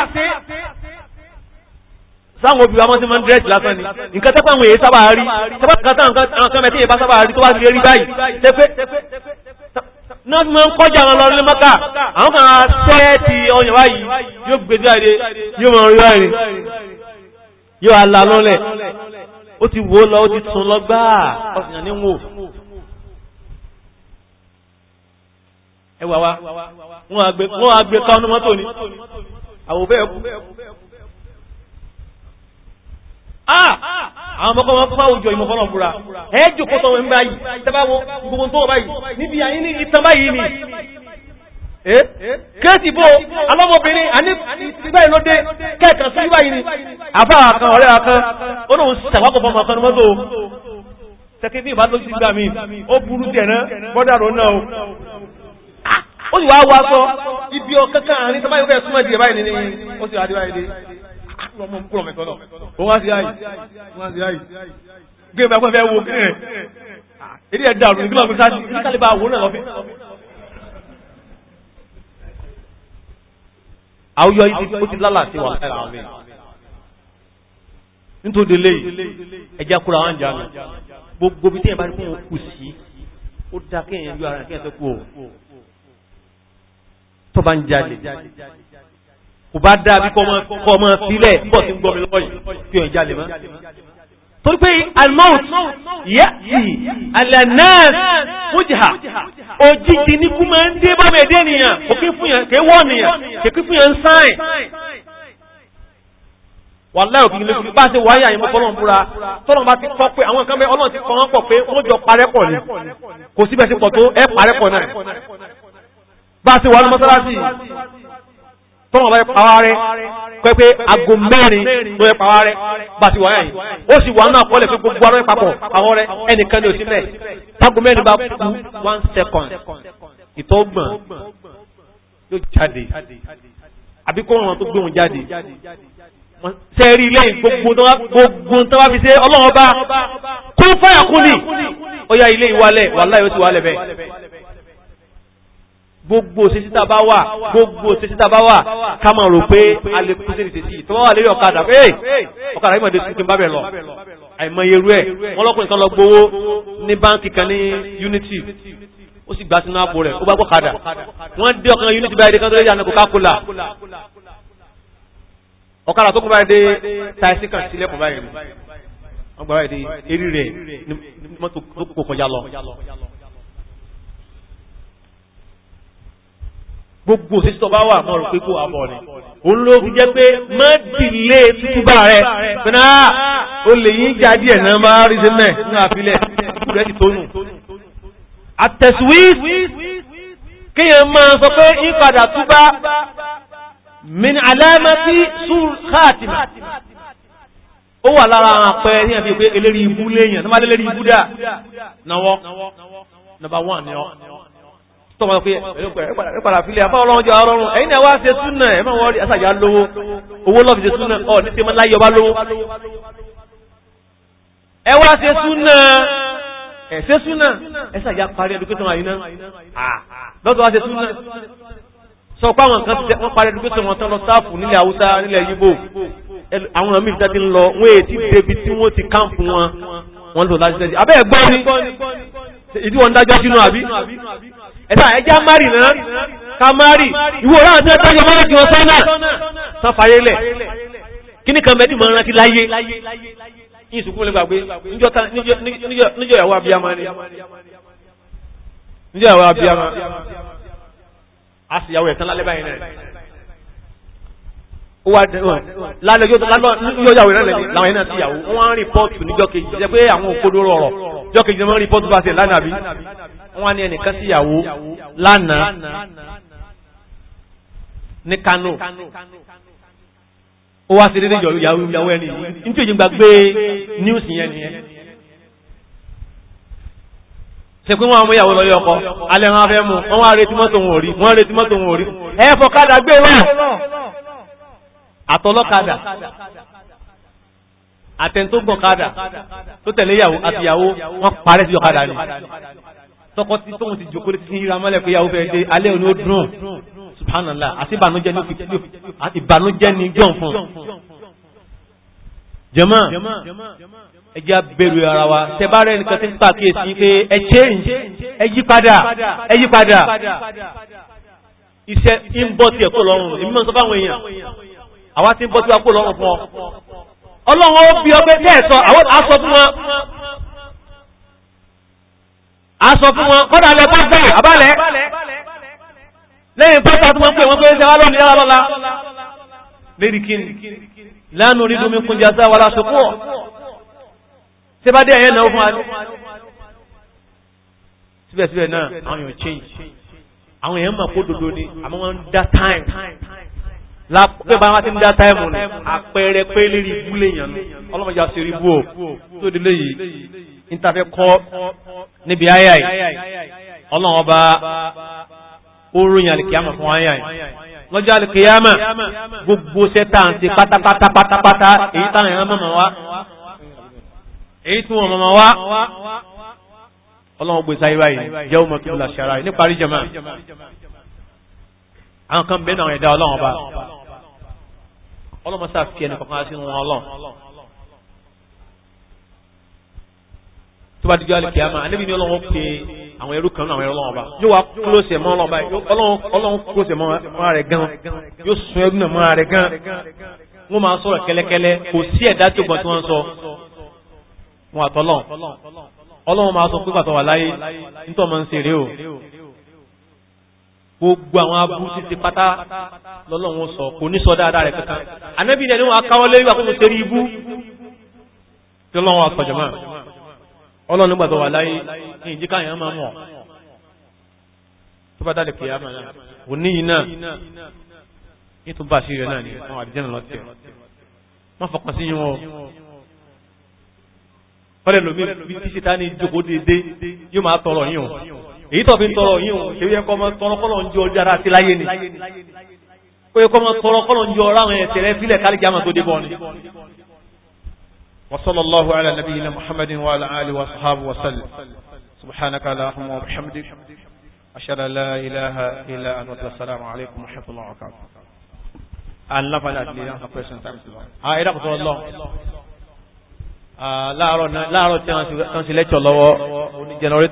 sáwọn obìnrin amọ́ tí wọ́n ń dírẹ́sì lásán ni nǹkan tẹ́pẹ́ àwọn èyí sábà rí sábà kan sáà nǹkan kan mẹ́tí ìbá sábà rí tó bá ti rí báyìí tẹ́pẹ́ náà fi máa ń kọjá àwọn ọlọ́rin mọ́ká àwọn kan tẹ́ ti ọyàn wáyìí yóò gbé jáde yóò máa rí báyìí yóò ala lọ́lẹ̀ ó ti wò lọ ó ti tún lọ gbáà ọ̀sìn ní wò ẹwà wa wọ́n àgbẹ̀ kan ní mọ́tò ni àwòbẹ́ ẹkù ah àwọn ọmọkọ wọn fáwọn òjò ìmọ̀kọ́nà fúra ẹjù kọ́tọ̀ wọn báyìí tẹ́báwọn gbogbo tó wọ́n báyìí níbi àyín ní ìtàn báyìí ni kéèsì bó alọ́mọbìnrin ànígbà ìlódé kẹ́ẹ̀kan sí báyìí ni àfá àkan ọ̀rẹ́ àkan ó lóun sàwápọ̀ fọmọ kan mọ́tò tẹ́kẹ́ bí ìbá tó sí gbà mí ó burú tẹ̀ná bọ́dà rò náà ah! ó sì wá wá sọ ibi ọ̀kankan àárín tọ́báyọ̀ kẹ́ẹ̀ súnmọ́ ìdìyẹ báyìí ni ó sì wá dé báyìí kúrọ̀ mẹ́tọ́ náà ó wá sí àyè wá sí àyè gbé bá pẹ́ fẹ́ wo kí rẹ̀ èdè ẹ̀dá ọ̀rùn nígbà tó sáájú kí kálíbà wo náà lọ́fẹ́. àwùjọ yìí ó ti lálà sí wà lára àwọn mi nítorí lẹ́yìn ẹ̀já kúrò àwọn àjà mi gbogbo bí téèyàn bá rí fún kù sí ó dá kéèyàn yọ ara kéèyàn tó kú o tó bá ń jalè kò bá dáa bí kọ́ ọmọ sílẹ̀ bọ̀ sí gbọmí lọ́wọ́ yìí fi hàn jalè mọ́ torí pé almout yẹ́sì alanas fújìhà òjijì ní kú máa ń dé bá mẹ́ẹ̀dẹ́ nìyàn kòkí fúnyàn kè wọ́ nìyàn kèkí fúnyàn sáìn wà láì òkè ilé bá ṣe wáyà pọ̀ pé wọ́n jọ pọ̀ náà bá ṣe wà ní mọ́sálásì tọ́wọ́n bá yẹ pàwá rẹ pẹ́pẹ́ aago mẹ́rin ló yẹ pàwá rẹ bá ti wáyà yìí ó sì wà náà kọ́lẹ̀ pé gbogbo ara papọ̀ àwọn rẹ ẹnìkan ní òsínlẹ̀ tágo mẹ́rin bá kú one second ìtọ́gbọ̀n yóò jáde àbí kó wọn tó gbóhùn jáde sẹ́rí ilé gbogbo tó wá fi ṣe ọlọ́wọ́ bá kún fáyà kún ní ọya ilé ìwálẹ̀ wàláyé ó ti wálẹ̀ bẹ́ẹ̀ gbogbo ṣe síta bá wà gbogbo ṣe síta bá wà ká máa rò pé a lè kú sí ìṣesí tó wà lórí ọ̀kadà pé ọ̀kadà yìí mọ̀ dé tuntun bá bẹ̀ lọ àìmọyeru ẹ̀ wọ́n lọ́kùnrin kan lọ gbowó ní báńkì kan ní unity ó sì gbá sínú àpò rẹ̀ ó bá gbọ́kadà wọ́n dé ọkàn unity báyìí kan tó lè yànnà Coca-Cola ọ̀kadà tó kún báyìí dé taisi kan sílẹ̀kùn báyìí wọ́n gbà báyìí dé eré rẹ̀ ní mọ́tò tó kò kọjá lọ gbogbo òṣèṣì tó bá wà mọ́ rò àbọ̀ ni òun ló fi jẹ́ pé má dìlé túbà rẹ̀ pẹ̀lú àá o lè yí já díẹ̀ náà máa rí sí mẹ́ ní àfilẹ̀ rẹ̀ ti tónù àtẹ̀sùwí kíyàn máa sọ pé ìpadà túbá min alámẹ́tí súrkátìmá ó wà lára àwọn ní àfi pé number one tọ́mọ pé ẹ̀pàdà fílẹ̀ afọ́lọ́run jọ ọrọ̀run ẹ̀yìn náà wá ṣe súnà ẹ̀ máa wọ́n rí àṣàjà lówó owó lọ́fi ṣe súnà ọ̀ ní tẹ́mọ́ láyé ọba lówó ẹ ṣe súnà ẹ̀ ṣe súnà parí ẹdùkẹ́tọ̀ àyínà lọ́dọ̀ wá ṣe súnà sọ pé àwọn kan ti parí ẹdùkẹ́tọ̀ wọn tán lọ sáàfù nílẹ̀ haúsá nílẹ̀ yíbò àwọn míì ti lọ wọ́n èyí débi tí wọ́n ti káàmpù wọn wọ́n lò láti tẹ́sí ẹ̀dá ẹjá márì náà kamari. márì ìwò ọ̀rọ̀ àti ẹ̀tọ́ yọ mọ́rẹ̀ kí wọ́n sọ́nà tán fàyẹ́lẹ̀ kí ní kan mẹ́dì mọ́rán ti láyé ní ìsìnkú lè gbàgbé níjọ́ ìyàwó abiyama ni níjọ́ ìyàwó abiyama a sì yàwó ẹ̀tán lálẹ́ báyìí náà lálẹ́ yóò yàwó ìrẹ́lẹ̀ làwọn iná sí ìyàwó wọ́n á rìn pọ́ọ̀tù níjọ́ kejì jẹ́ pé àwọn òkodoro ọ̀rọ̀ jọ́ kejì mọ́ wọ́n ní ẹnìkan síyàwó lánàá ní Kano ó wá sí dédé ìjọ ìyàwó ẹni yìí nítorí ìjìngbà gbé news yẹn nìyẹn ṣe pé wọ́n àwọn ìyàwó lọ́yọ́ ọkọ̀ alẹ́ wọn fẹ́ mú wọ́n wá retí mọ́tò wọn orí wọ́n retí mọ́tò wọn orí ẹ̀fọ́ kádà gbé wọ́n àtọlọ́kadà àtẹ̀ntógbọ̀kadà tó tẹ̀lé ìyàwó àtìyàwó wọ́n parẹ́ sí ọ̀kadà ni tọkọ tí tóun ti jòkó létí yíra mọ́lẹ̀ pé yàwó fẹ́ dé alẹ́ òní ó dùn subhanallah àti ìbànújẹ́ ní òfin tí àti ìbànújẹ́ ní jọ̀n fún jàmá ẹjẹ́ bẹ̀rù ara wa tẹbárẹ́ nìkan tí ń pàkíyèsí pé ẹ change ẹ yí padà ẹ yí padà iṣẹ́ ń bọ́ tiẹ̀ kó lọ́rùn èmi mọ̀ sọ fáwọn èèyàn àwa ti ọlọ́run ó bí ọgbẹ́ tẹ́ àwọn aṣọ fún wọn a sọ fún wọn kọ́dà lẹ pápá àbálẹ̀ lẹ́yìn pápá tí wọ́n pè wọ́n pé ṣe wá lónìí yára lọ́la lérí kí ni lánàá orí domi kúnjẹ sá wàlá sọkún ọ̀ tí bá dé ẹ̀yẹ́ náà fún adé síbẹ̀síbẹ̀ náà àwọn èèyàn change àwọn èèyàn mọ̀ kó dodo ni àmọ́ wọ́n ń dá time lápẹ́ bá wọ́n ti ń dá táìmù ni àpẹẹrẹ pé lérí ibú lèèyàn ọlọ́mọdé àṣírí bú ò tó délé yìí nítafẹ́ kọ́ níbi ayá yìí ọlọ́run ọba oróyìn alìkìyàmà fún ayá yìí lọ́jọ́ alìkìyàmà gbogbo sẹ́ta àti pátápátá pátápátá èyí táwọn èèyàn mọ̀mọ̀ wá èyí tí wọ́n mọ̀mọ̀ wá ọlọ́run gbé sáyé báyìí jẹ́ ọmọ kí lọ ṣàrá yìí níparí jẹ́mà àwọn kan bẹ́ẹ̀ náà ẹ̀dá ọlọ́run ọba ọlọ́run sáà tó bá dijọ́ àlùkí àmà ànábì ni ọlọ́run pe àwọn ẹrú kan náà àwọn ẹrú ọlọ́run ọba yóò wá kúlóòsè mọ́ ọlọ́run ọba ọlọ́run kúlóòsè mọ́ rẹ̀ gan yóò sun ẹrú náà mọ́ rẹ̀ gan wọ́n máa sọ̀rọ̀ kẹ́lẹ́kẹ́lẹ́ kò sí ẹ̀dá tó gbọ́n tí wọ́n ń sọ wọn àtọ́lọ́n ọlọ́run máa sọ pé pàtó wà láyé nítorí ọmọ ń ṣeré o gbogbo àwọn aburú títí pátá lọ́lọ́run sọ kò ní sọ dáadáa rẹ̀ kankan ànábì ni ẹni wọn akáwọlé wà kó mo ṣe rí ibú tí ọlọ́run àtọ̀jọ̀mọ́ ọlọ́run nígbà tó wà láyé ní ìjíká yẹn máa mọ̀ tó bá dáadé kìí àmà náà wò ní iná ètò bá sí rẹ̀ náà ni àwọn àdìjẹ́nà lọ tẹ̀ wọ́n fọkàn sí wọn fọ́lẹ̀ lómi bí tí ṣetá ní jókòó dédé yóò máa tọrọ yín o èyí tọ̀ fi ń tọrọ yín o ṣe yẹ kọ́ tọrọ kọ́lọ̀ ń jẹ ọjọ́ ara sí láyé ni ó yẹ kọ́ tọrọ kọ́lọ̀ ń jẹ ọ̀rọ̀ àwọn ẹ̀tẹ̀rẹ́ sílẹ̀ kálíkì àmà tó dé bọ́ ni وصلى الله على نبينا محمد وعلى آله وصحابه وسلم سبحانك اللهم وبحمدك أشهد أن لا إله إلا أنت السلام عليكم ورحمة الله وبركاته Allah fala ti yan so question time to ah ira ko lo ah láàárọ̀ náà láàárọ̀ tí wọ́n